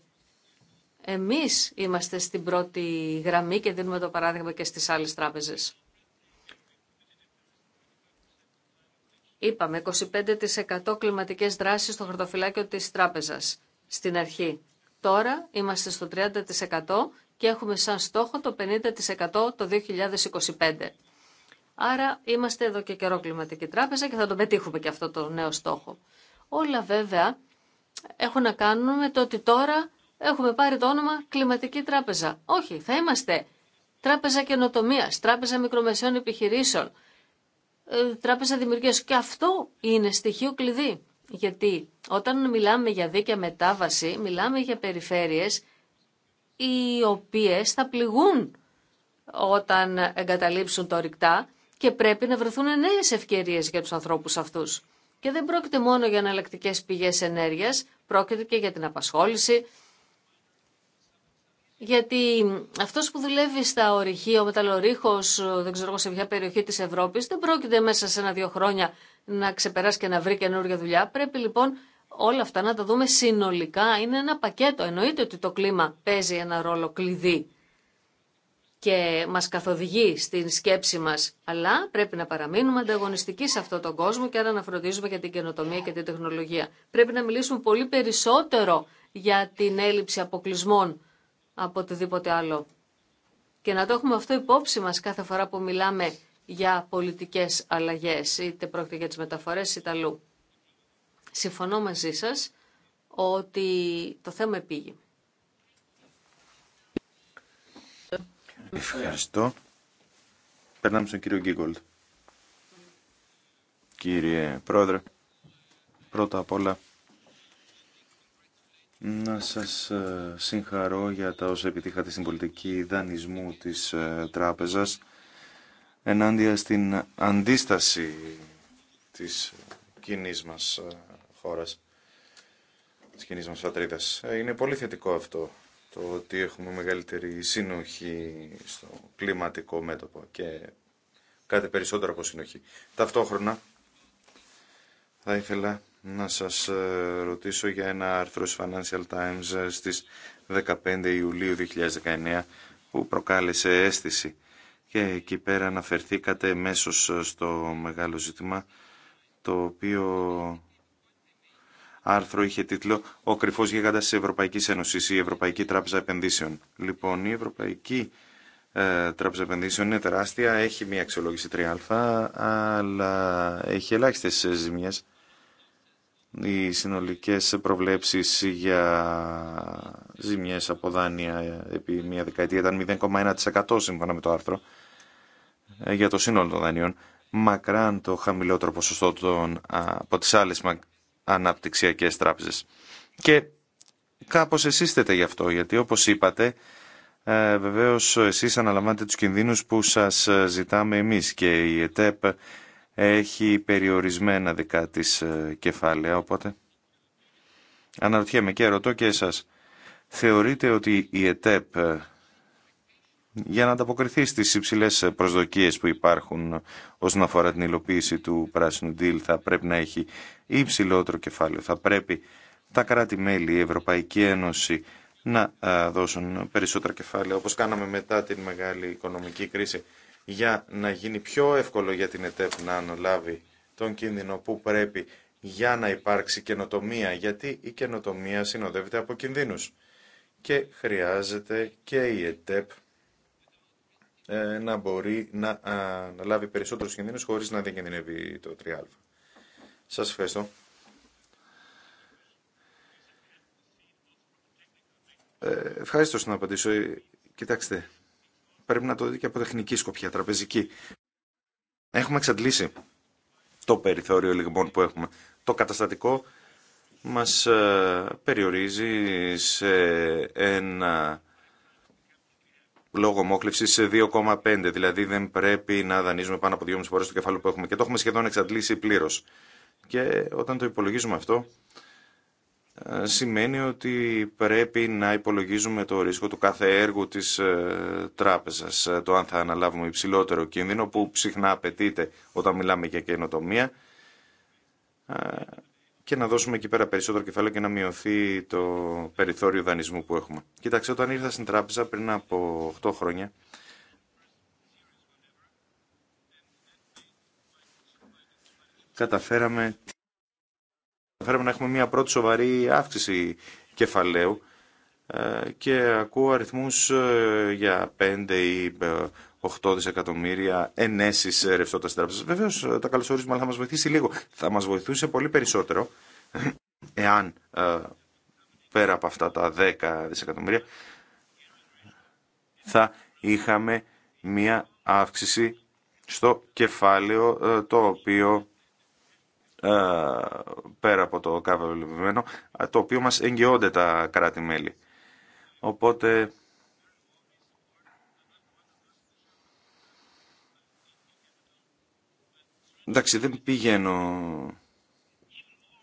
εμείς είμαστε στην πρώτη γραμμή και δίνουμε το παράδειγμα και στις άλλες τράπεζες. Είπαμε 25% κλιματικές δράσεις στο χαρτοφυλάκιο της τράπεζας στην αρχή. Τώρα είμαστε στο 30% και έχουμε σαν στόχο το 50% το 2025. Άρα είμαστε εδώ και καιρό κλιματική τράπεζα και θα το πετύχουμε και αυτό το νέο στόχο. Όλα βέβαια έχουν να κάνουν με το ότι τώρα έχουμε πάρει το όνομα Κλιματική Τράπεζα. Όχι, θα είμαστε Τράπεζα Καινοτομία, Τράπεζα Μικρομεσαίων Επιχειρήσεων, ε, Τράπεζα Δημιουργία. Και αυτό είναι στοιχείο κλειδί. Γιατί όταν μιλάμε για δίκαια μετάβαση, μιλάμε για περιφέρειες οι οποίες θα πληγούν όταν εγκαταλείψουν το ρηκτά και πρέπει να βρεθούν νέες ευκαιρίες για τους ανθρώπους αυτούς. Και δεν πρόκειται μόνο για εναλλακτικέ πηγέ ενέργεια, πρόκειται και για την απασχόληση. Γιατί αυτό που δουλεύει στα ορυχεία, ο μεταλλορύχος, δεν ξέρω σε ποια περιοχή τη Ευρώπη. δεν πρόκειται μέσα σε ένα-δύο χρόνια να ξεπεράσει και να βρει καινούργια δουλειά. Πρέπει λοιπόν όλα αυτά να τα δούμε συνολικά. Είναι ένα πακέτο. Εννοείται ότι το κλίμα παίζει ένα ρόλο κλειδί και μας καθοδηγεί στην σκέψη μας, αλλά πρέπει να παραμείνουμε ανταγωνιστικοί σε αυτόν τον κόσμο και άρα να φροντίζουμε για την καινοτομία και την τεχνολογία. Πρέπει να μιλήσουμε πολύ περισσότερο για την έλλειψη αποκλεισμών από οτιδήποτε άλλο. Και να το έχουμε αυτό υπόψη μας κάθε φορά που μιλάμε για πολιτικές αλλαγές, είτε πρόκειται για τις μεταφορές είτε αλλού. Συμφωνώ μαζί σας ότι το θέμα επήγει. Ευχαριστώ. Περνάμε στον κύριο Γκίγκολτ. Κύριε Πρόεδρε, πρώτα απ' όλα να σας ε, συγχαρώ για τα όσα επιτύχατε στην πολιτική δανεισμού της ε, τράπεζας ενάντια στην αντίσταση της ε, κοινή μας χώρας, της κοινή μας Είναι πολύ θετικό αυτό το ότι έχουμε μεγαλύτερη συνοχή στο κλιματικό μέτωπο και κάτι περισσότερο από συνοχή. Ταυτόχρονα θα ήθελα να σας ε, ρωτήσω για ένα άρθρο της Financial Times ε, στις 15 Ιουλίου 2019 που προκάλεσε αίσθηση και εκεί πέρα αναφερθήκατε μέσω ε, στο μεγάλο ζήτημα το οποίο άρθρο είχε τίτλο «Ο κρυφός γίγαντα της Ευρωπαϊκής Ένωσης, η Ευρωπαϊκή Τράπεζα Επενδύσεων». Λοιπόν, η Ευρωπαϊκή ε, Τράπεζα Επενδύσεων είναι τεράστια, έχει μία αξιολόγηση 3α, αλλά έχει ελάχιστε ζημιές. Οι συνολικέ προβλέψεις για ζημιές από δάνεια επί μία δεκαετία ήταν 0,1% σύμφωνα με το άρθρο ε, για το σύνολο των δανείων μακράν το χαμηλότερο ποσοστό των, από τις άλλες αναπτυξιακές τράπεζες. Και κάπως εσείς θέτε γι' αυτό, γιατί όπως είπατε, ε, βεβαίως εσείς αναλαμβάνετε τους κινδύνους που σας ε, ζητάμε εμείς και η ΕΤΕΠ έχει περιορισμένα δικά της ε, κεφάλαια, οπότε αναρωτιέμαι και ρωτώ και εσάς, θεωρείτε ότι η ΕΤΕΠ ε, για να ανταποκριθεί στις υψηλές προσδοκίες που υπάρχουν όσον αφορά την υλοποίηση του πράσινου deal θα πρέπει να έχει υψηλότερο κεφάλαιο. Θα πρέπει τα κράτη-μέλη, η Ευρωπαϊκή Ένωση να ε, δώσουν περισσότερα κεφάλαια όπως κάναμε μετά την μεγάλη οικονομική κρίση για να γίνει πιο εύκολο για την ΕΤΕΠ να αναλάβει τον κίνδυνο που πρέπει για να υπάρξει καινοτομία γιατί η καινοτομία συνοδεύεται από κινδύνους και χρειάζεται και η ΕΤΕΠ ε, να μπορεί να, να λάβει περισσότερους κινδύνου χωρίς να διακινδυνεύει το 3α. Σα ευχαριστώ. Ε, ευχαριστώ να απαντήσω. Ε, κοιτάξτε, πρέπει να το δείτε και από τεχνική σκοπιά, τραπεζική. Έχουμε εξαντλήσει το περιθώριο λιγμών που έχουμε. Το καταστατικό μας ε, περιορίζει σε ένα λόγω μόχλευση σε 2,5. Δηλαδή δεν πρέπει να δανείζουμε πάνω από 2,5 φορέ το κεφάλαιο που έχουμε. Και το έχουμε σχεδόν εξαντλήσει πλήρω. Και όταν το υπολογίζουμε αυτό, ε, σημαίνει ότι πρέπει να υπολογίζουμε το ρίσκο του κάθε έργου της ε, τράπεζας. Ε, το αν θα αναλάβουμε υψηλότερο κίνδυνο που συχνά απαιτείται όταν μιλάμε για καινοτομία και να δώσουμε εκεί πέρα περισσότερο κεφάλαιο και να μειωθεί το περιθώριο δανεισμού που έχουμε. Κοιτάξτε, όταν ήρθα στην τράπεζα πριν από 8 χρόνια, καταφέραμε, καταφέραμε να έχουμε μια πρώτη σοβαρή αύξηση κεφαλαίου ε, και ακούω αριθμούς ε, για 5 ή 8 ε, δισεκατομμύρια ενέσεις ρευστότητα στην τράπεζα. Βεβαίως τα καλωσορίζουμε, θα μας βοηθήσει λίγο. Θα μας βοηθούσε πολύ περισσότερο εάν πέρα από αυτά τα 10 δισεκατομμύρια θα είχαμε μία αύξηση στο κεφάλαιο το οποίο πέρα από το κάβαλο το οποίο μας εγγυώνται τα κράτη-μέλη. Οπότε Εντάξει, δεν πηγαίνω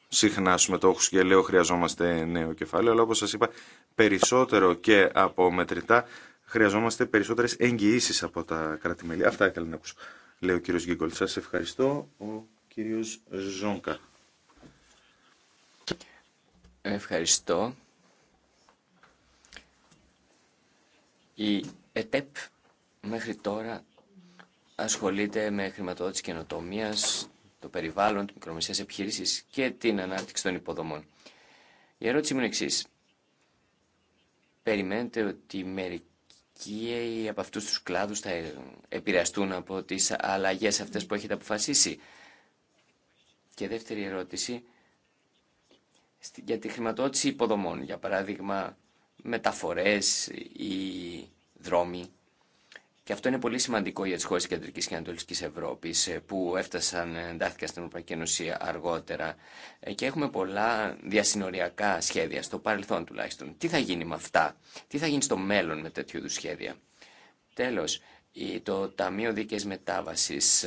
συχνά στους μετόχους και λέω χρειαζόμαστε νέο κεφάλαιο, αλλά όπως σας είπα, περισσότερο και από μετρητά χρειαζόμαστε περισσότερες εγγυήσεις από τα κράτη-μέλη. Αυτά ήθελα να ακούσω, λέει ο κύριος Γκίγκολ. Σας ευχαριστώ, ο κύριος Ζόγκα. Ευχαριστώ. Η ΕΤΕΠ μέχρι τώρα ασχολείται με χρηματοδότηση καινοτομία, το περιβάλλον, τι μικρομεσαίε επιχειρήσει και την ανάπτυξη των υποδομών. Η ερώτηση μου είναι εξή. Περιμένετε ότι μερικοί από αυτού του κλάδου θα επηρεαστούν από τι αλλαγέ αυτέ που έχετε αποφασίσει. Και δεύτερη ερώτηση για τη χρηματοδότηση υποδομών. Για παράδειγμα, μεταφορές, ή δρόμοι. Και αυτό είναι πολύ σημαντικό για τις χώρες Κεντρικής και Ανατολικής Ευρώπης ε, που έφτασαν, ε, εντάχθηκαν στην Ευρωπαϊκή Ένωση αργότερα ε, και έχουμε πολλά διασυνοριακά σχέδια, στο παρελθόν τουλάχιστον. Τι θα γίνει με αυτά, τι θα γίνει στο μέλλον με τέτοιου είδους σχέδια. Τέλος, το Ταμείο Δίκαιης Μετάβασης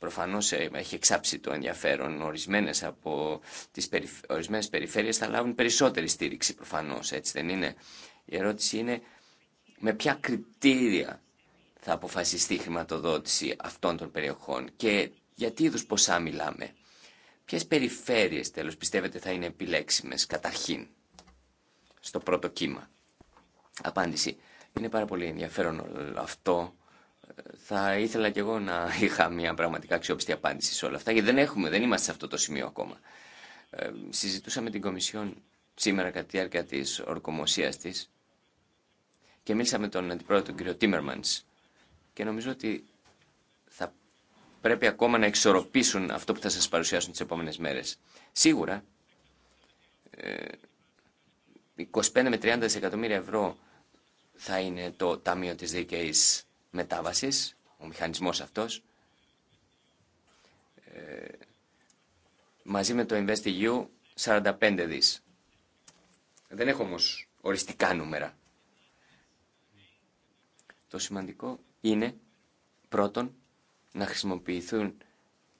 Προφανώς ε, έχει εξάψει το ενδιαφέρον. Ορισμένες, από τις περιφ... Ορισμένες περιφέρειες θα λάβουν περισσότερη στήριξη προφανώς, έτσι δεν είναι. Η ερώτηση είναι με ποια κριτήρια θα αποφασιστεί η χρηματοδότηση αυτών των περιοχών και για τι είδους ποσά μιλάμε. Ποιες περιφέρειες τέλος πιστεύετε θα είναι επιλέξιμες καταρχήν στο πρώτο κύμα. Απάντηση. Είναι πάρα πολύ ενδιαφέρον αυτό θα ήθελα κι εγώ να είχα μια πραγματικά αξιόπιστη απάντηση σε όλα αυτά, γιατί δεν έχουμε, δεν είμαστε σε αυτό το σημείο ακόμα. Ε, συζητούσαμε την Κομισιόν σήμερα κατά τη διάρκεια τη ορκομοσία τη και μίλησα με τον αντιπρόεδρο, τον κύριο Τίμερμαντ, και νομίζω ότι θα πρέπει ακόμα να εξορροπήσουν αυτό που θα σα παρουσιάσουν τι επόμενε μέρε. Σίγουρα, ε, 25 με 30 δισεκατομμύρια ευρώ θα είναι το Ταμείο της Δίκαιης μετάβασης, ο μηχανισμός αυτός, ε, μαζί με το InvestEU 45 δις. Δεν έχω όμως οριστικά νούμερα. Το σημαντικό είναι πρώτον να χρησιμοποιηθούν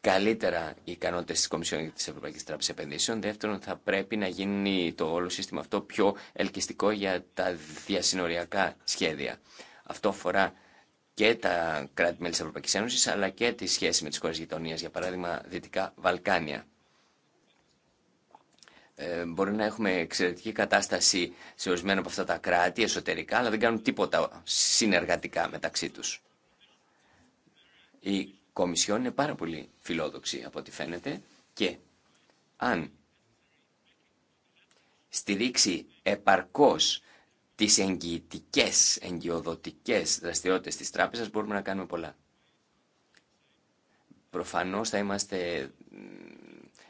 καλύτερα οι ικανότητε τη Κομισιόν και τη Ευρωπαϊκή Τράπεζα Επενδύσεων. Δεύτερον, θα πρέπει να γίνει το όλο σύστημα αυτό πιο ελκυστικό για τα διασυνοριακά σχέδια. Αυτό αφορά και τα κράτη-μέλη της Ευρωπαϊκής Ένωσης, αλλά και τη σχέση με τις χώρες γειτονίας, για παράδειγμα Δυτικά Βαλκάνια. Ε, μπορεί να έχουμε εξαιρετική κατάσταση σε ορισμένα από αυτά τα κράτη εσωτερικά, αλλά δεν κάνουν τίποτα συνεργατικά μεταξύ τους. Η Κομισιόν είναι πάρα πολύ φιλόδοξη από ό,τι φαίνεται και αν στηρίξει επαρκώς τις εγγυητικές, εγγυοδοτικές δραστηριότητες της τράπεζας μπορούμε να κάνουμε πολλά. Προφανώς θα είμαστε,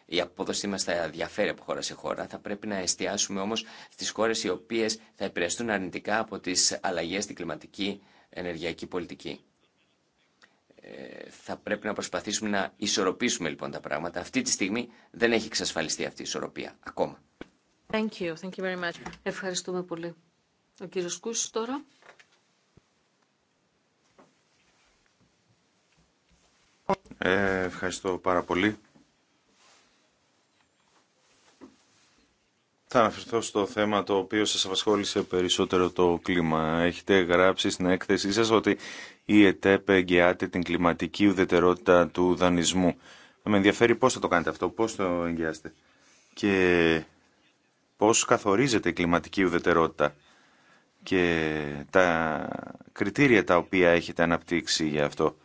η απόδοσή μας θα διαφέρει από χώρα σε χώρα, θα πρέπει να εστιάσουμε όμως στις χώρες οι οποίες θα επηρεαστούν αρνητικά από τις αλλαγές στην κλιματική ενεργειακή πολιτική. Ε, θα πρέπει να προσπαθήσουμε να ισορροπήσουμε λοιπόν τα πράγματα. Αυτή τη στιγμή δεν έχει εξασφαλιστεί αυτή η ισορροπία ακόμα. Thank you. Thank you very much. Ευχαριστούμε πολύ. Ο κύριο τώρα. Ε, ευχαριστώ πάρα πολύ. Θα αναφερθώ στο θέμα το οποίο σας απασχόλησε περισσότερο το κλίμα. Έχετε γράψει στην έκθεσή σας ότι η ΕΤΕΠ εγγυάται την κλιματική ουδετερότητα του δανεισμού. Με ενδιαφέρει πώς θα το κάνετε αυτό, πώς το εγγυάστε και πώς καθορίζεται η κλιματική ουδετερότητα και τα κριτήρια τα οποία έχετε αναπτύξει για αυτό.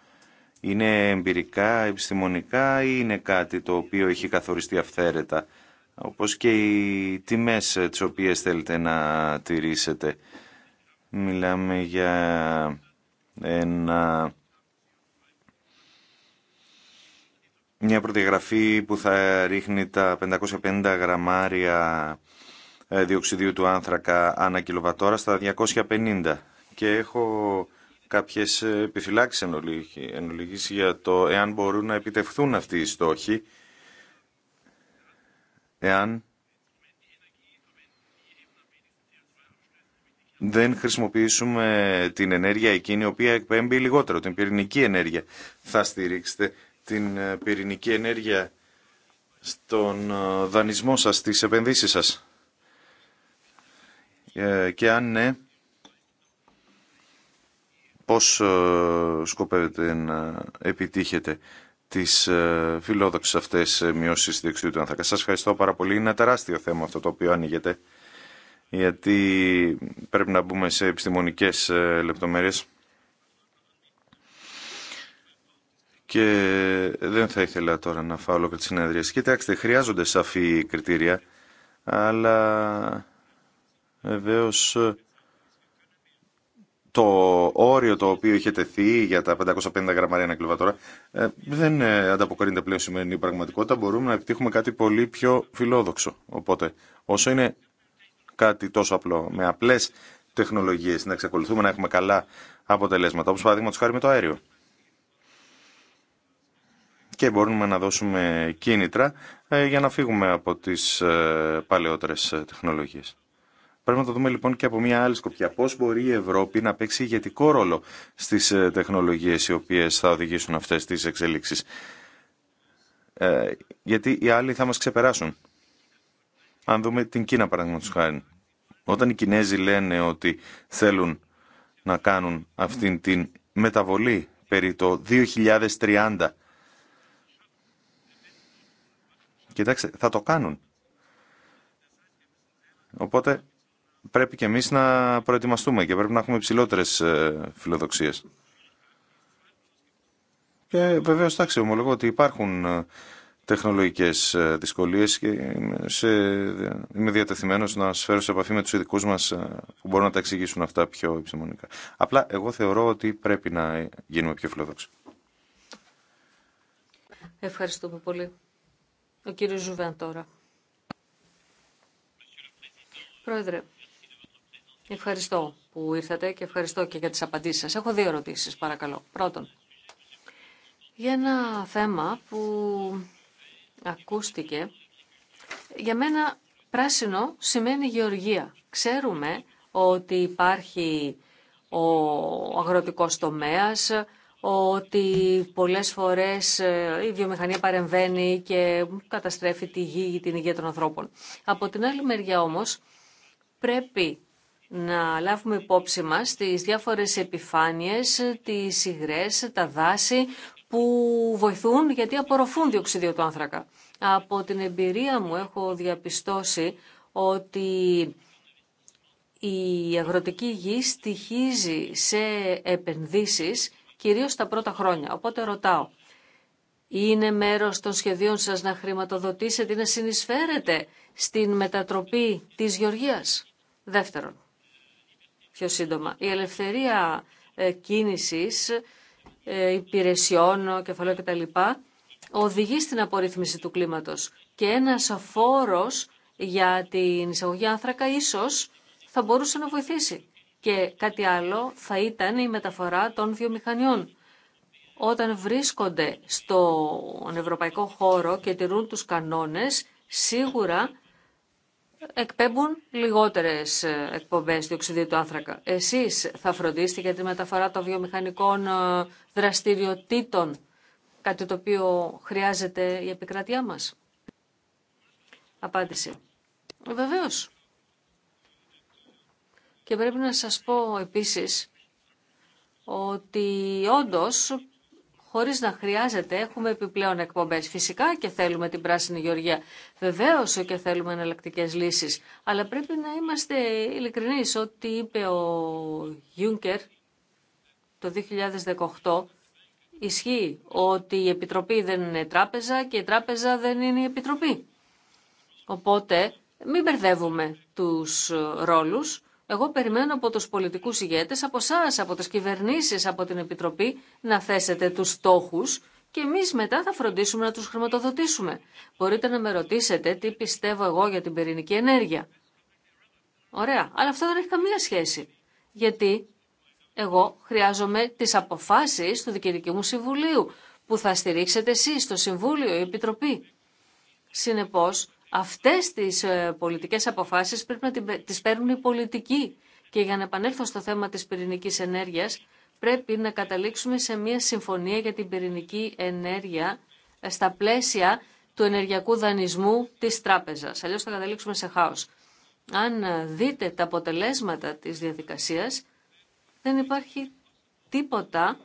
Είναι εμπειρικά, επιστημονικά ή είναι κάτι το οποίο έχει καθοριστεί αυθαίρετα, όπως και οι τιμές τις οποίες θέλετε να τηρήσετε. Μιλάμε για ένα... Μια πρωτογραφή που θα ρίχνει τα 550 γραμμάρια ε, διοξιδίου του άνθρακα ανά κιλοβατόρα στα 250 και έχω κάποιες ε, επιφυλάξεις εν ολίγης για το εάν μπορούν να επιτευχθούν αυτοί οι στόχοι εάν δεν χρησιμοποιήσουμε την ενέργεια εκείνη η οποία εκπέμπει λιγότερο, την πυρηνική ενέργεια. Θα στηρίξετε την ε, πυρηνική ενέργεια στον δανεισμό σας, στις επενδύσεις σας. Ε, και αν ναι, πώς ε, σκοπεύετε να επιτύχετε τις ε, φιλόδοξες αυτές μειώσεις διεξιού του άνθρακα. Σας ευχαριστώ πάρα πολύ. Είναι ένα τεράστιο θέμα αυτό το οποίο ανοίγεται, γιατί πρέπει να μπούμε σε επιστημονικές λεπτομέρειες. Και δεν θα ήθελα τώρα να φάω ολόκληρη τη συνέδρια. Κοιτάξτε, χρειάζονται σαφή κριτήρια, αλλά Βεβαίω το όριο το οποίο είχε τεθεί για τα 550 γραμμάρια ένα κιλοβατόρα ε, δεν ε, ανταποκρίνεται πλέον σημερινή πραγματικότητα. Μπορούμε να επιτύχουμε κάτι πολύ πιο φιλόδοξο. Οπότε, όσο είναι κάτι τόσο απλό, με απλέ τεχνολογίε, να εξακολουθούμε να έχουμε καλά αποτελέσματα, όπω παράδειγμα χάρη με το αέριο. Και μπορούμε να δώσουμε κίνητρα ε, για να φύγουμε από τις παλαιότερες τεχνολογίες. Πρέπει να το δούμε λοιπόν και από μια άλλη σκοπιά. Πώς μπορεί η Ευρώπη να παίξει ηγετικό ρόλο στις ε, τεχνολογίες οι οποίες θα οδηγήσουν αυτές τις εξελίξεις. Ε, γιατί οι άλλοι θα μας ξεπεράσουν. Αν δούμε την Κίνα παραδείγματος χάρη. Όταν οι Κινέζοι λένε ότι θέλουν να κάνουν αυτήν την μεταβολή περί το 2030. Κοιτάξτε, θα το κάνουν. Οπότε πρέπει και εμείς να προετοιμαστούμε και πρέπει να έχουμε υψηλότερες ε, φιλοδοξίες. Και βεβαίως, εντάξει, ομολογώ ότι υπάρχουν ε, τεχνολογικές ε, δυσκολίες και είμαι, σε, διατεθειμένος να σας φέρω σε επαφή με τους ειδικούς μας που μπορούν να τα εξηγήσουν αυτά πιο επιστημονικά. Απλά εγώ θεωρώ ότι πρέπει να γίνουμε πιο φιλοδόξοι. Ευχαριστούμε πολύ. Ο κύριος Ζουβέν τώρα. Πρόεδρε, Ευχαριστώ που ήρθατε και ευχαριστώ και για τις απαντήσεις σας. Έχω δύο ερωτήσεις, παρακαλώ. Πρώτον, για ένα θέμα που ακούστηκε. Για μένα πράσινο σημαίνει γεωργία. Ξέρουμε ότι υπάρχει ο αγροτικός τομέας, ότι πολλές φορές ε, η βιομηχανία παρεμβαίνει και καταστρέφει τη γη την υγεία των ανθρώπων. Από την άλλη μεριά όμως πρέπει να λάβουμε υπόψη μας τις διάφορες επιφάνειες, τις υγρές, τα δάση που βοηθούν γιατί απορροφούν διοξίδιο του άνθρακα. Από την εμπειρία μου έχω διαπιστώσει ότι η αγροτική γη στοιχίζει σε επενδύσεις κυρίως τα πρώτα χρόνια. Οπότε ρωτάω, είναι μέρος των σχεδίων σας να χρηματοδοτήσετε ή να συνεισφέρετε στην μετατροπή της γεωργίας. Δεύτερον, πιο σύντομα. Η ελευθερία ε, κίνησης ε, υπηρεσιών, τα κτλ. οδηγεί στην απορρίθμιση του κλίματος και ένας φόρος για την εισαγωγή άνθρακα ίσως θα μπορούσε να βοηθήσει. Και κάτι άλλο θα ήταν η μεταφορά των βιομηχανιών. Όταν βρίσκονται στον ευρωπαϊκό χώρο και τηρούν τους κανόνες, σίγουρα εκπέμπουν λιγότερες ε, εκπομπές διοξιδίου του άνθρακα. Εσείς θα φροντίσετε για τη μεταφορά των βιομηχανικών ε, δραστηριοτήτων, κάτι το οποίο χρειάζεται η επικρατεία μας. Απάντηση. Βεβαίως. Και πρέπει να σας πω επίσης ότι όντως χωρίς να χρειάζεται έχουμε επιπλέον εκπομπές. Φυσικά και θέλουμε την πράσινη γεωργία. Βεβαίω και θέλουμε εναλλακτικέ λύσεις. Αλλά πρέπει να είμαστε ειλικρινεί Ό,τι είπε ο Γιούνκερ το 2018 ισχύει ότι η Επιτροπή δεν είναι τράπεζα και η τράπεζα δεν είναι η Επιτροπή. Οπότε μην μπερδεύουμε τους ρόλους. Εγώ περιμένω από τους πολιτικούς ηγέτες, από εσά, από τις κυβερνήσεις, από την Επιτροπή να θέσετε τους στόχους και εμείς μετά θα φροντίσουμε να τους χρηματοδοτήσουμε. Μπορείτε να με ρωτήσετε τι πιστεύω εγώ για την πυρηνική ενέργεια. Ωραία, αλλά αυτό δεν έχει καμία σχέση. Γιατί εγώ χρειάζομαι τις αποφάσεις του Δικαιωτικού Συμβουλίου που θα στηρίξετε εσείς, το Συμβούλιο, η Επιτροπή. Συνεπώς, Αυτές τις ε, πολιτικές αποφάσεις πρέπει να τις παίρνουν οι πολιτικοί. Και για να επανέλθω στο θέμα της πυρηνικής ενέργειας, πρέπει να καταλήξουμε σε μια συμφωνία για την πυρηνική ενέργεια ε, στα πλαίσια του ενεργειακού δανεισμού της τράπεζας. Αλλιώς θα καταλήξουμε σε χάος. Αν ε, δείτε τα αποτελέσματα της διαδικασίας, δεν υπάρχει τίποτα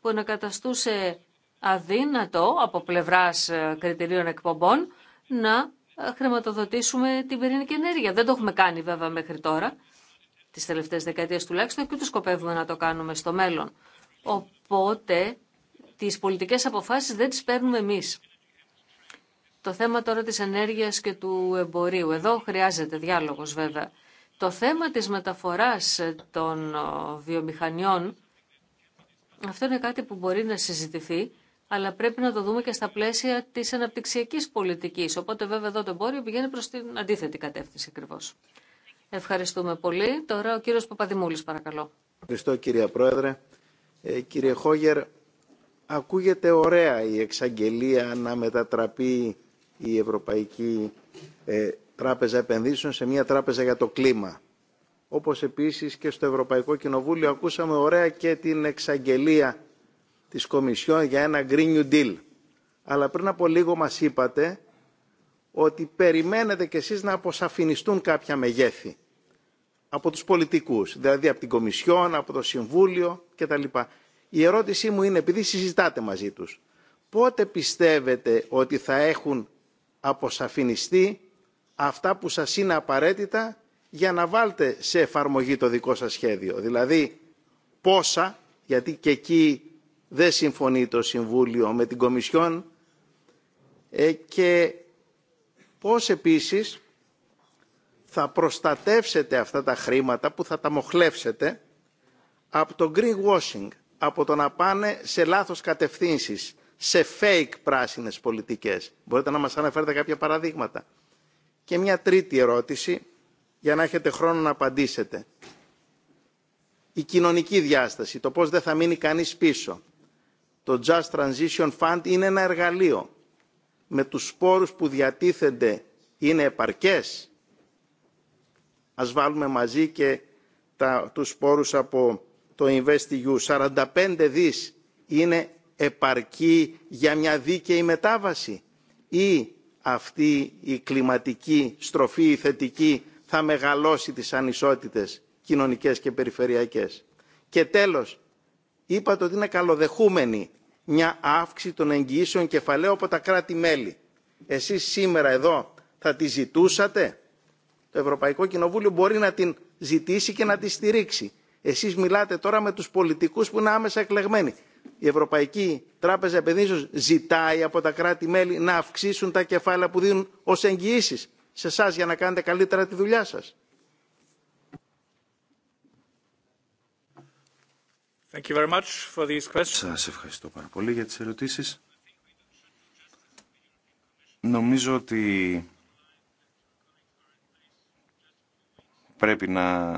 που να καταστούσε αδύνατο από πλευράς κριτηρίων εκπομπών να χρηματοδοτήσουμε την πυρηνική ενέργεια. Δεν το έχουμε κάνει βέβαια μέχρι τώρα, τις τελευταίες δεκαετίες τουλάχιστον, και ούτε σκοπεύουμε να το κάνουμε στο μέλλον. Οπότε τις πολιτικές αποφάσεις δεν τις παίρνουμε εμείς. Το θέμα τώρα της ενέργειας και του εμπορίου. Εδώ χρειάζεται διάλογος βέβαια. Το θέμα της μεταφοράς των βιομηχανιών, αυτό είναι κάτι που μπορεί να συζητηθεί αλλά πρέπει να το δούμε και στα πλαίσια τη αναπτυξιακή πολιτική. Οπότε βέβαια εδώ το εμπόριο πηγαίνει προ την αντίθετη κατεύθυνση ακριβώ. Ευχαριστούμε πολύ. Τώρα ο κύριο Παπαδημούλης παρακαλώ. Ευχαριστώ κύριε Πρόεδρε. Ε, κύριε Χόγερ, ακούγεται ωραία η εξαγγελία να μετατραπεί η Ευρωπαϊκή ε, Τράπεζα Επενδύσεων σε μια τράπεζα για το κλίμα. Όπως επίσης και στο Ευρωπαϊκό Κοινοβούλιο ακούσαμε ωραία και την εξαγγελία της Κομισιόν για ένα Green New Deal. Αλλά πριν από λίγο μας είπατε ότι περιμένετε κι εσείς να αποσαφινιστούν κάποια μεγέθη από τους πολιτικούς, δηλαδή από την Κομισιόν, από το Συμβούλιο κτλ. Η ερώτησή μου είναι, επειδή συζητάτε μαζί τους, πότε πιστεύετε ότι θα έχουν αποσαφινιστεί αυτά που σας είναι απαραίτητα για να βάλτε σε εφαρμογή το δικό σας σχέδιο. Δηλαδή, πόσα, γιατί και εκεί δεν συμφωνεί το Συμβούλιο με την Κομισιόν ε, και πώς επίσης θα προστατεύσετε αυτά τα χρήματα που θα τα μοχλεύσετε από το greenwashing, από το να πάνε σε λάθος κατευθύνσεις, σε fake πράσινες πολιτικές. Μπορείτε να μας αναφέρετε κάποια παραδείγματα. Και μια τρίτη ερώτηση, για να έχετε χρόνο να απαντήσετε. Η κοινωνική διάσταση, το πώς δεν θα μείνει κανείς πίσω το Just Transition Fund είναι ένα εργαλείο. Με τους σπόρους που διατίθενται είναι επαρκές. Ας βάλουμε μαζί και τα, τους σπόρους από το InvestEU. 45 δις είναι επαρκή για μια δίκαιη μετάβαση ή αυτή η κλιματική στροφή η θετική θα μεγαλώσει τις ανισότητες κοινωνικές και περιφερειακές. Και τέλος, είπατε ότι είναι καλοδεχούμενη μια αύξηση των εγγυήσεων κεφαλαίου από τα κράτη-μέλη. Εσείς σήμερα εδώ θα τη ζητούσατε. Το Ευρωπαϊκό Κοινοβούλιο μπορεί να την ζητήσει και να τη στηρίξει. Εσείς μιλάτε τώρα με τους πολιτικούς που είναι άμεσα εκλεγμένοι. Η Ευρωπαϊκή Τράπεζα Επενδύσεως ζητάει από τα κράτη-μέλη να αυξήσουν τα κεφάλαια που δίνουν ως εγγυήσεις σε εσά για να κάνετε καλύτερα τη δουλειά σας. Thank Σας ευχαριστώ πάρα πολύ για τις ερωτήσεις. Νομίζω ότι πρέπει να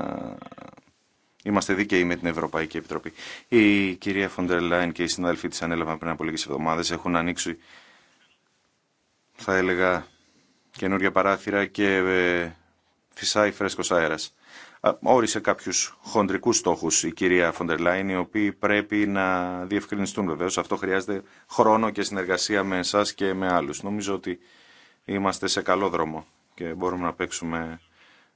είμαστε δίκαιοι με την Ευρωπαϊκή Επιτροπή. Η κυρία Φοντερ Λάιν και οι συνάδελφοί της ανέλαβαν πριν από λίγες εβδομάδες έχουν ανοίξει, θα έλεγα, καινούργια παράθυρα και ε, φυσάει φρέσκος αέρας όρισε κάποιου χοντρικού στόχους η κυρία Φοντερ Λάιν, οι οποίοι πρέπει να διευκρινιστούν βεβαίω. Αυτό χρειάζεται χρόνο και συνεργασία με εσά και με άλλους. Νομίζω ότι είμαστε σε καλό δρόμο και μπορούμε να παίξουμε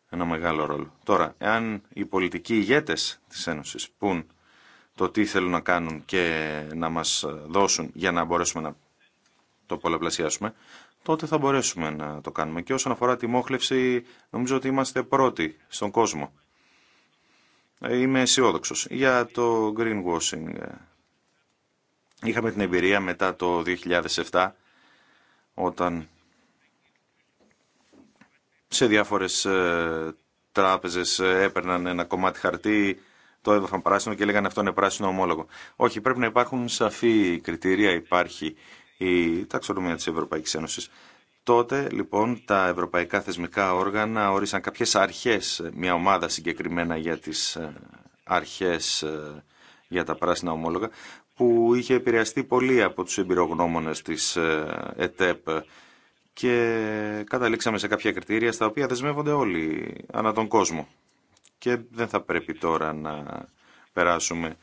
ένα μεγάλο ρόλο. Τώρα, εάν οι πολιτικοί ηγέτε της Ένωσης πούν το τι θέλουν να κάνουν και να μας δώσουν για να μπορέσουμε να το πολλαπλασιάσουμε, τότε θα μπορέσουμε να το κάνουμε. Και όσον αφορά τη μόχλευση, νομίζω ότι είμαστε πρώτοι στον κόσμο. Ε, είμαι αισιόδοξο. Για το greenwashing. Ε, είχαμε την εμπειρία μετά το 2007, όταν σε διάφορες ε, τράπεζες έπαιρναν ένα κομμάτι χαρτί, το έδωσαν πράσινο και λέγανε αυτό είναι πράσινο ομόλογο. Όχι, πρέπει να υπάρχουν σαφή κριτήρια, υπάρχει η ταξονομία της Ευρωπαϊκής Ένωσης. Τότε λοιπόν τα ευρωπαϊκά θεσμικά όργανα όρισαν κάποιες αρχές, μια ομάδα συγκεκριμένα για τις ε, αρχές ε, για τα πράσινα ομόλογα, που είχε επηρεαστεί πολύ από τους εμπειρογνώμονες της ε, ΕΤΕΠ και καταλήξαμε σε κάποια κριτήρια στα οποία δεσμεύονται όλοι ανά τον κόσμο. Και δεν θα πρέπει τώρα να περάσουμε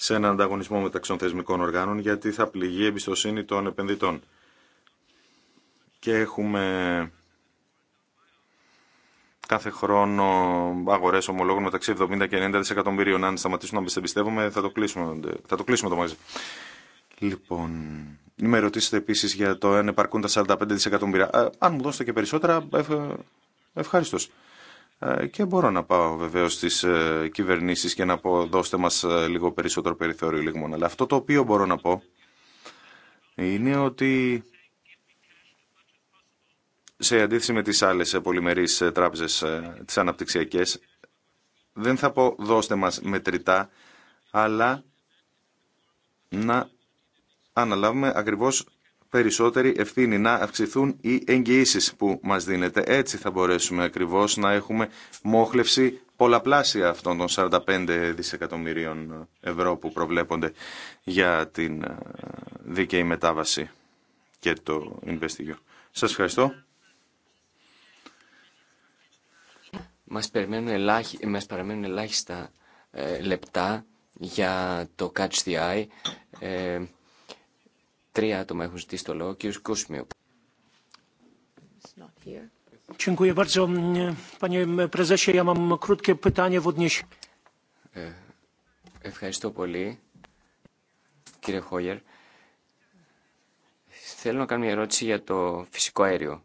σε έναν ανταγωνισμό μεταξύ των θεσμικών οργάνων γιατί θα πληγεί η εμπιστοσύνη των επενδυτών. Και έχουμε κάθε χρόνο αγορές ομολόγων μεταξύ 70 και 90 δισεκατομμυρίων. Αν σταματήσουμε να εμπιστεύουμε θα το κλείσουμε, θα το, κλείσουμε το μαζί. Λοιπόν, με ρωτήσετε επίση για το αν επαρκούν τα 45 δισεκατομμύρια. Ε, αν μου δώσετε και περισσότερα, ε, ευχαριστώ. Ε, και μπορώ να πάω βεβαίως στις ε, κυβερνήσεις και να πω δώστε μας ε, λίγο περισσότερο περιθώριο λίγμων. Αλλά αυτό το οποίο μπορώ να πω είναι ότι σε αντίθεση με τις άλλες πολυμερείς τράπεζες, τις αναπτυξιακές, δεν θα πω δώστε μας μετρητά, αλλά να αναλάβουμε ακριβώς περισσότερη ευθύνη, να αυξηθούν οι εγγυήσει που μας δίνεται. Έτσι θα μπορέσουμε ακριβώς να έχουμε μόχλευση πολλαπλάσια αυτών των 45 δισεκατομμυρίων ευρώ που προβλέπονται για την ε, δίκαιη μετάβαση και το Investigio. Σας ευχαριστώ. Μας, περιμένουν ελάχιστα ε, λεπτά για το Catch the Eye. Ε, Τρία άτομα έχουν ζητήσει το λόγο. Κύριος Κούσμιου. Mm, ε, ευχαριστώ πολύ, κύριε Χόγερ. Θέλω να κάνω μια ερώτηση για το φυσικό αέριο.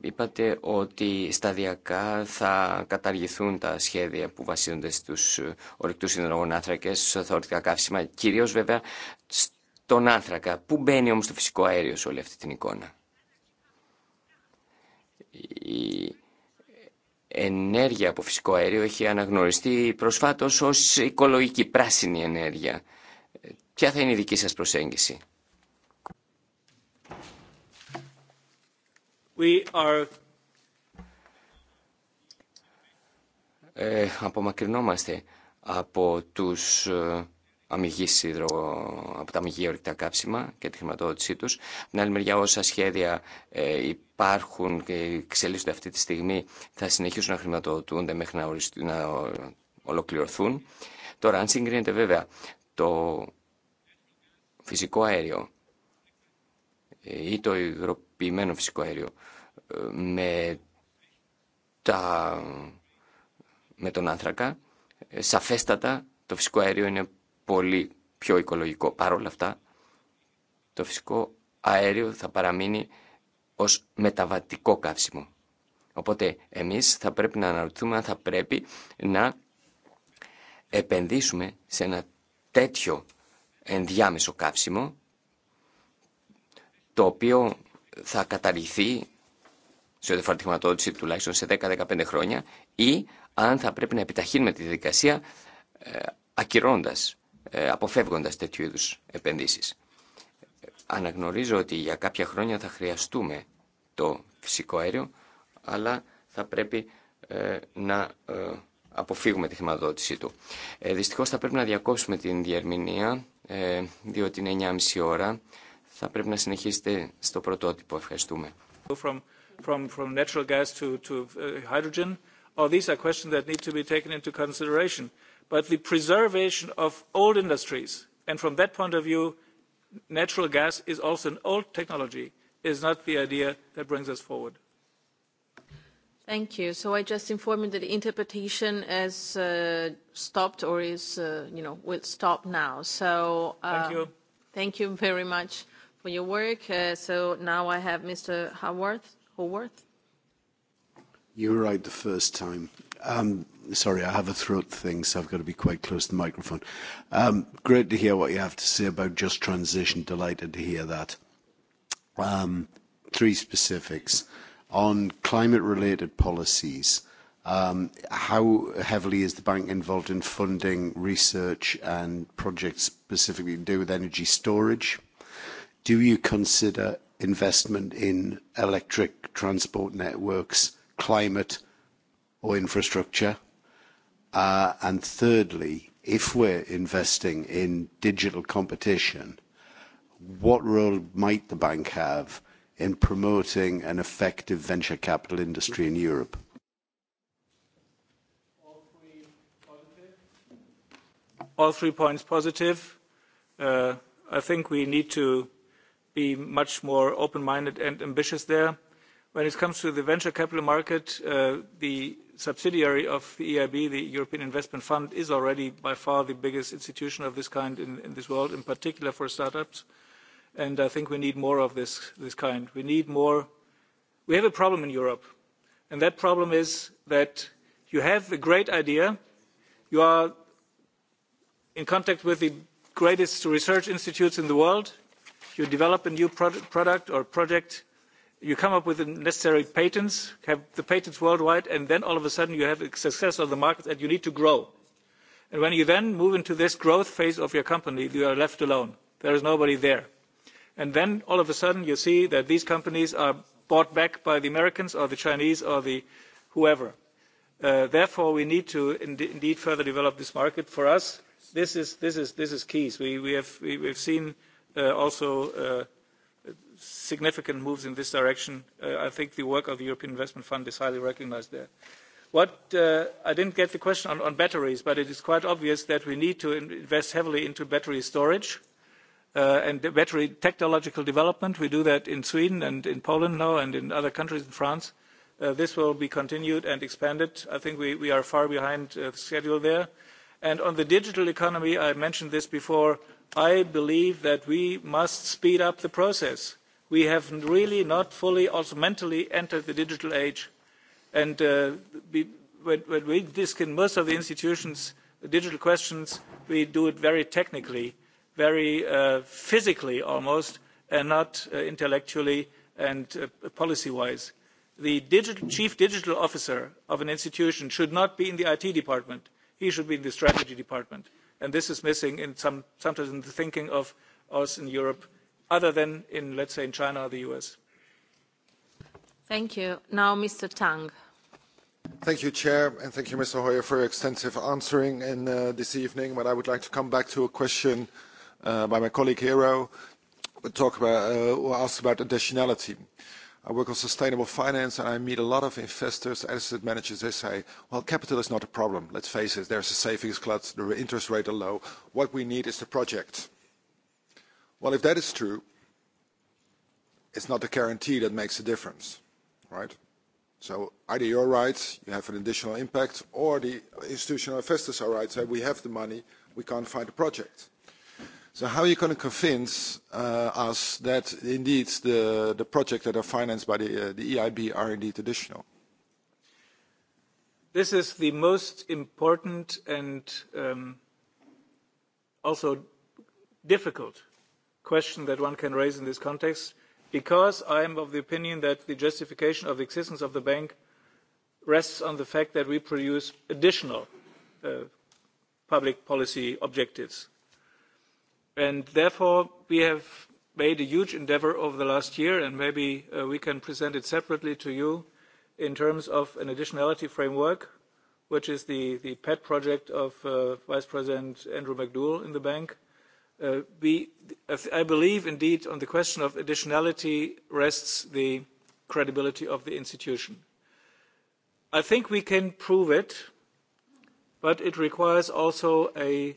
Είπατε ότι σταδιακά θα καταργηθούν τα σχέδια που βασίζονται στους ορυκτούς υδρογονάνθρακες, στα θεωρητικά καύσιμα, κυρίως βέβαια στον άνθρακα. Πού μπαίνει όμως το φυσικό αέριο σε όλη αυτή την εικόνα. Η ενέργεια από φυσικό αέριο έχει αναγνωριστεί προσφάτως ως οικολογική πράσινη ενέργεια. Ποια θα είναι η δική σας προσέγγιση. We ε, απομακρυνόμαστε από τους ε, αμυγείς υδρο, από τα αμυγή ορυκτά κάψιμα και τη χρηματοδότησή τους. Από την άλλη μεριά όσα σχέδια ε, υπάρχουν και εξελίσσονται αυτή τη στιγμή θα συνεχίσουν να χρηματοδοτούνται μέχρι να, να ολοκληρωθούν. Τώρα αν συγκρίνεται βέβαια το φυσικό αέριο ή το υδρο, ποιημένο φυσικό αέριο ε, με, τα, με τον άνθρακα, ε, σαφέστατα το φυσικό αέριο είναι πολύ πιο οικολογικό. Παρ' αυτά, το φυσικό αέριο θα παραμείνει ως μεταβατικό καύσιμο. Οπότε εμείς θα πρέπει να αναρωτηθούμε αν θα πρέπει να επενδύσουμε σε ένα τέτοιο ενδιάμεσο καύσιμο το οποίο θα καταργηθεί σε ό,τι τη χρηματοδότηση τουλάχιστον σε 10-15 χρόνια ή αν θα πρέπει να επιταχύνουμε τη διαδικασία ε, ακυρώνοντα, αποφεύγοντα αποφεύγοντας τέτοιου είδου επενδύσεις. Αναγνωρίζω ότι για κάποια χρόνια θα χρειαστούμε το φυσικό αέριο, αλλά θα πρέπει ε, να ε, αποφύγουμε τη χρηματοδότησή του. Ε, δυστυχώς θα πρέπει να διακόψουμε την διερμηνία, διότι είναι 9.30 ώρα θα πρέπει να συνεχίσετε στο πρωτότυπο. Ευχαριστούμε. From, from, from natural gas to, to hydrogen, all these are questions that need to be taken into consideration. But the preservation of old industries, and from that point of view, natural gas is also an old technology, is not the idea that brings us forward. Thank you. So I just inform you that the interpretation has stopped or is, you know, will stop now. So thank you. Thank you very much for your work. So now I have Mr. Haworth. Haworth. You were right the first time. Um, sorry, I have a throat thing, so I've got to be quite close to the microphone. Um, great to hear what you have to say about just transition. Delighted to hear that. Um, three specifics on climate-related policies. Um, how heavily is the bank involved in funding research and projects specifically to do with energy storage? do you consider investment in electric transport networks, climate or infrastructure? And thirdly, if we're investing in digital competition, what role might the bank have in promoting an effective venture capital industry in Europe? All three points positive. I think we need to be much more open-minded and ambitious there. When it comes to the venture capital market, the subsidiary of the EIB, the European Investment Fund, is already by far the biggest institution of this kind in this world, in particular for startups. And I think we need more of this kind. We need more. We have a problem in Europe, and that problem is that you have a great idea, you are in contact with the greatest research institutes in the world, you develop a new product or project, you come up with the necessary patents, have the patents worldwide, and then all of a sudden you have success on the market and you need to grow. And when you then move into this growth phase of your company, you are left alone. There is nobody there. And then all of a sudden you see that these companies are bought back by the Americans or the Chinese or the whoever. Therefore, we need to indeed further develop this market. For us, this is key. We have seen also significant moves in this direction. I think the work of the European Investment Fund is highly recognized there. What I didn't get the question on batteries, but it is quite obvious that we need to invest heavily into battery storage and battery technological development. We do that in Sweden and in Poland now and in other countries in France. This will be continued and expanded. I think we are far behind the schedule there. And on the digital economy, I mentioned this before, I believe that we must speed up the process. We have really not fully also mentally entered the digital age. And when we discuss most of the institutions, digital questions, we do it very technically, very physically almost, and not intellectually and policy-wise. The chief digital officer of an institution should not be in the IT department. He should be in the strategy department and this is missing in some sometimes in the thinking of us in europe other than in let's say in china or the us thank you now mr tang Thank you, Chair, and thank you, Mr. Hoyer, for your extensive answering in, this evening. But I would like to come back to a question by my colleague Hero, who asked about additionality. I work on sustainable finance and I meet a lot of investors, asset managers. They say, well, capital is not a problem. Let's face it, there's a savings clutch, the interest rates are low. What we need is the project. Well, if that is true, it's not the guarantee that makes a difference, right? So either you're right, you have an additional impact, or the institutional investors are right, say we have the money, we can't find the project. So how are you going to convince us that indeed the the projects that are financed by the the EIB are indeed additional? This is the most important and also difficult question that one can raise in this context, because I am of the opinion that the justification of the existence of the bank rests on the fact that we produce additional public policy objectives and therefore we have made a huge endeavour over the last year and maybe we can present it separately to you in terms of an additionality framework which is the the pet project of vice president andrew mcdougall in the bank i believe indeed on the question of additionality rests the credibility of the institution i think we can prove it but it requires also a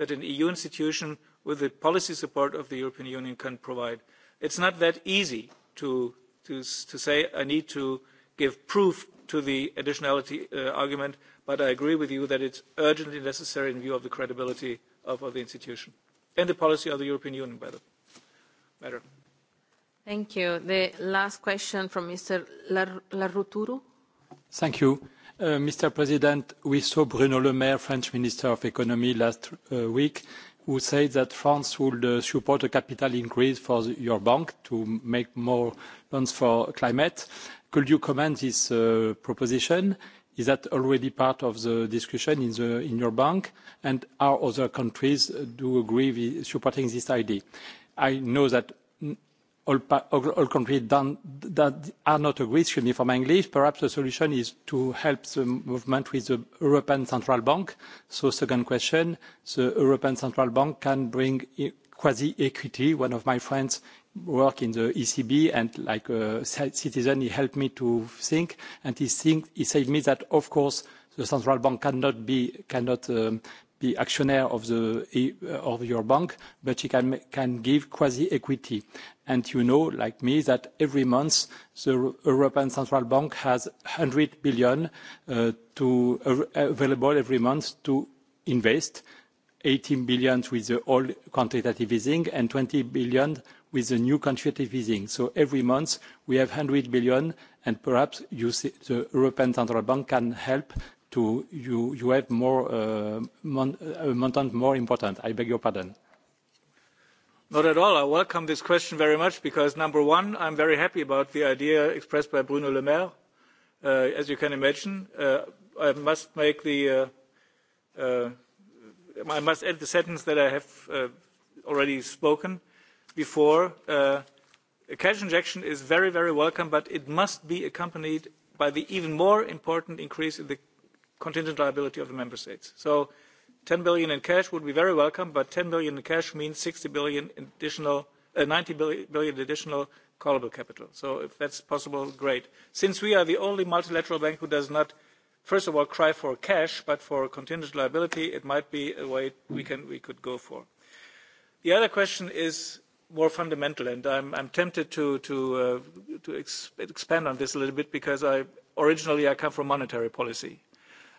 that an EU institution with the policy support of the European Union can provide. It's not that easy to say I need to give proof to the additionality argument, but I agree with you that it's urgently necessary in view of the credibility of the institution and the policy of the European Union by the matter. Thank you. The last question from Mr. Laruturu. Thank you. Mr. President, we saw Bruno Le Maire, French Minister of Economy, last week, who said that France would support a capital increase for your bank to make more loans for climate. Could you comment this proposition? Is that already part of the discussion in your bank? And are other countries do agree with supporting this idea? I know that all countries that are not agreed, excuse me for my English, perhaps the solution is to help the movement with the European Central Bank. So second question, the European Central Bank can bring quasi-equity. One of my friends work in the ECB and like a citizen, he helped me to think and he said me that of course the Central Bank cannot be, cannot be actionnaire of your bank, but it can give quasi-equity and you know, like me, that every month the European Central Bank has 100 billion available every month to invest, 18 billion with the old quantitative easing and 20 billion with the new quantitative easing. So every month we have 100 billion, and perhaps the European Central Bank can help to you have more, more important. I beg your pardon. Not at all. I welcome this question very much because, number one, I'm very happy about the idea expressed by Bruno Le Maire. As you can imagine, I must make the, I must add the sentence that I have already spoken before. a Cash injection is very, very welcome, but it must be accompanied by the even more important increase in the contingent liability of the member states. So 10 billion in cash would be very welcome, but 10 billion in cash means 60 billion additional, 90 billion additional callable capital. So if that's possible, great. Since we are the only multilateral bank who does not, first of all, cry for cash, but for contingent liability, it might be a way we could go for. The other question is more fundamental, and I'm tempted to expand on this a little bit because originally I come from monetary policy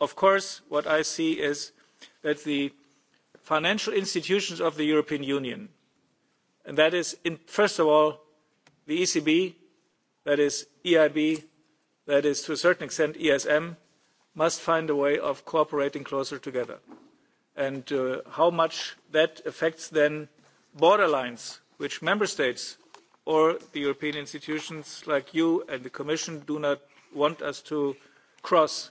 of course what i see is that the financial institutions of the european union and that is first of all the ecb that is eib that is to a certain extent esm must find a way of cooperating closer together and how much that affects then borderlines which member states or the european institutions like you and the commission do not want us to cross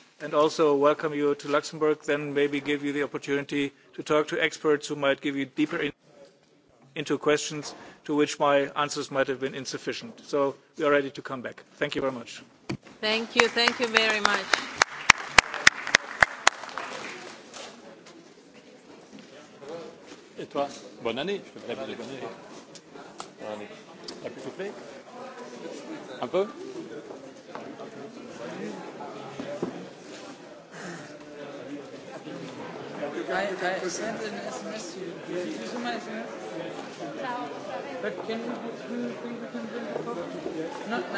and also welcome you to Luxembourg, then maybe give you the opportunity to talk to experts who might give you deeper into questions to which my answers might have been insufficient. So we are ready to come back. Thank you very much. Thank you. Thank you very much. Et toi, bonne année. Je Un peu But can we, think we, can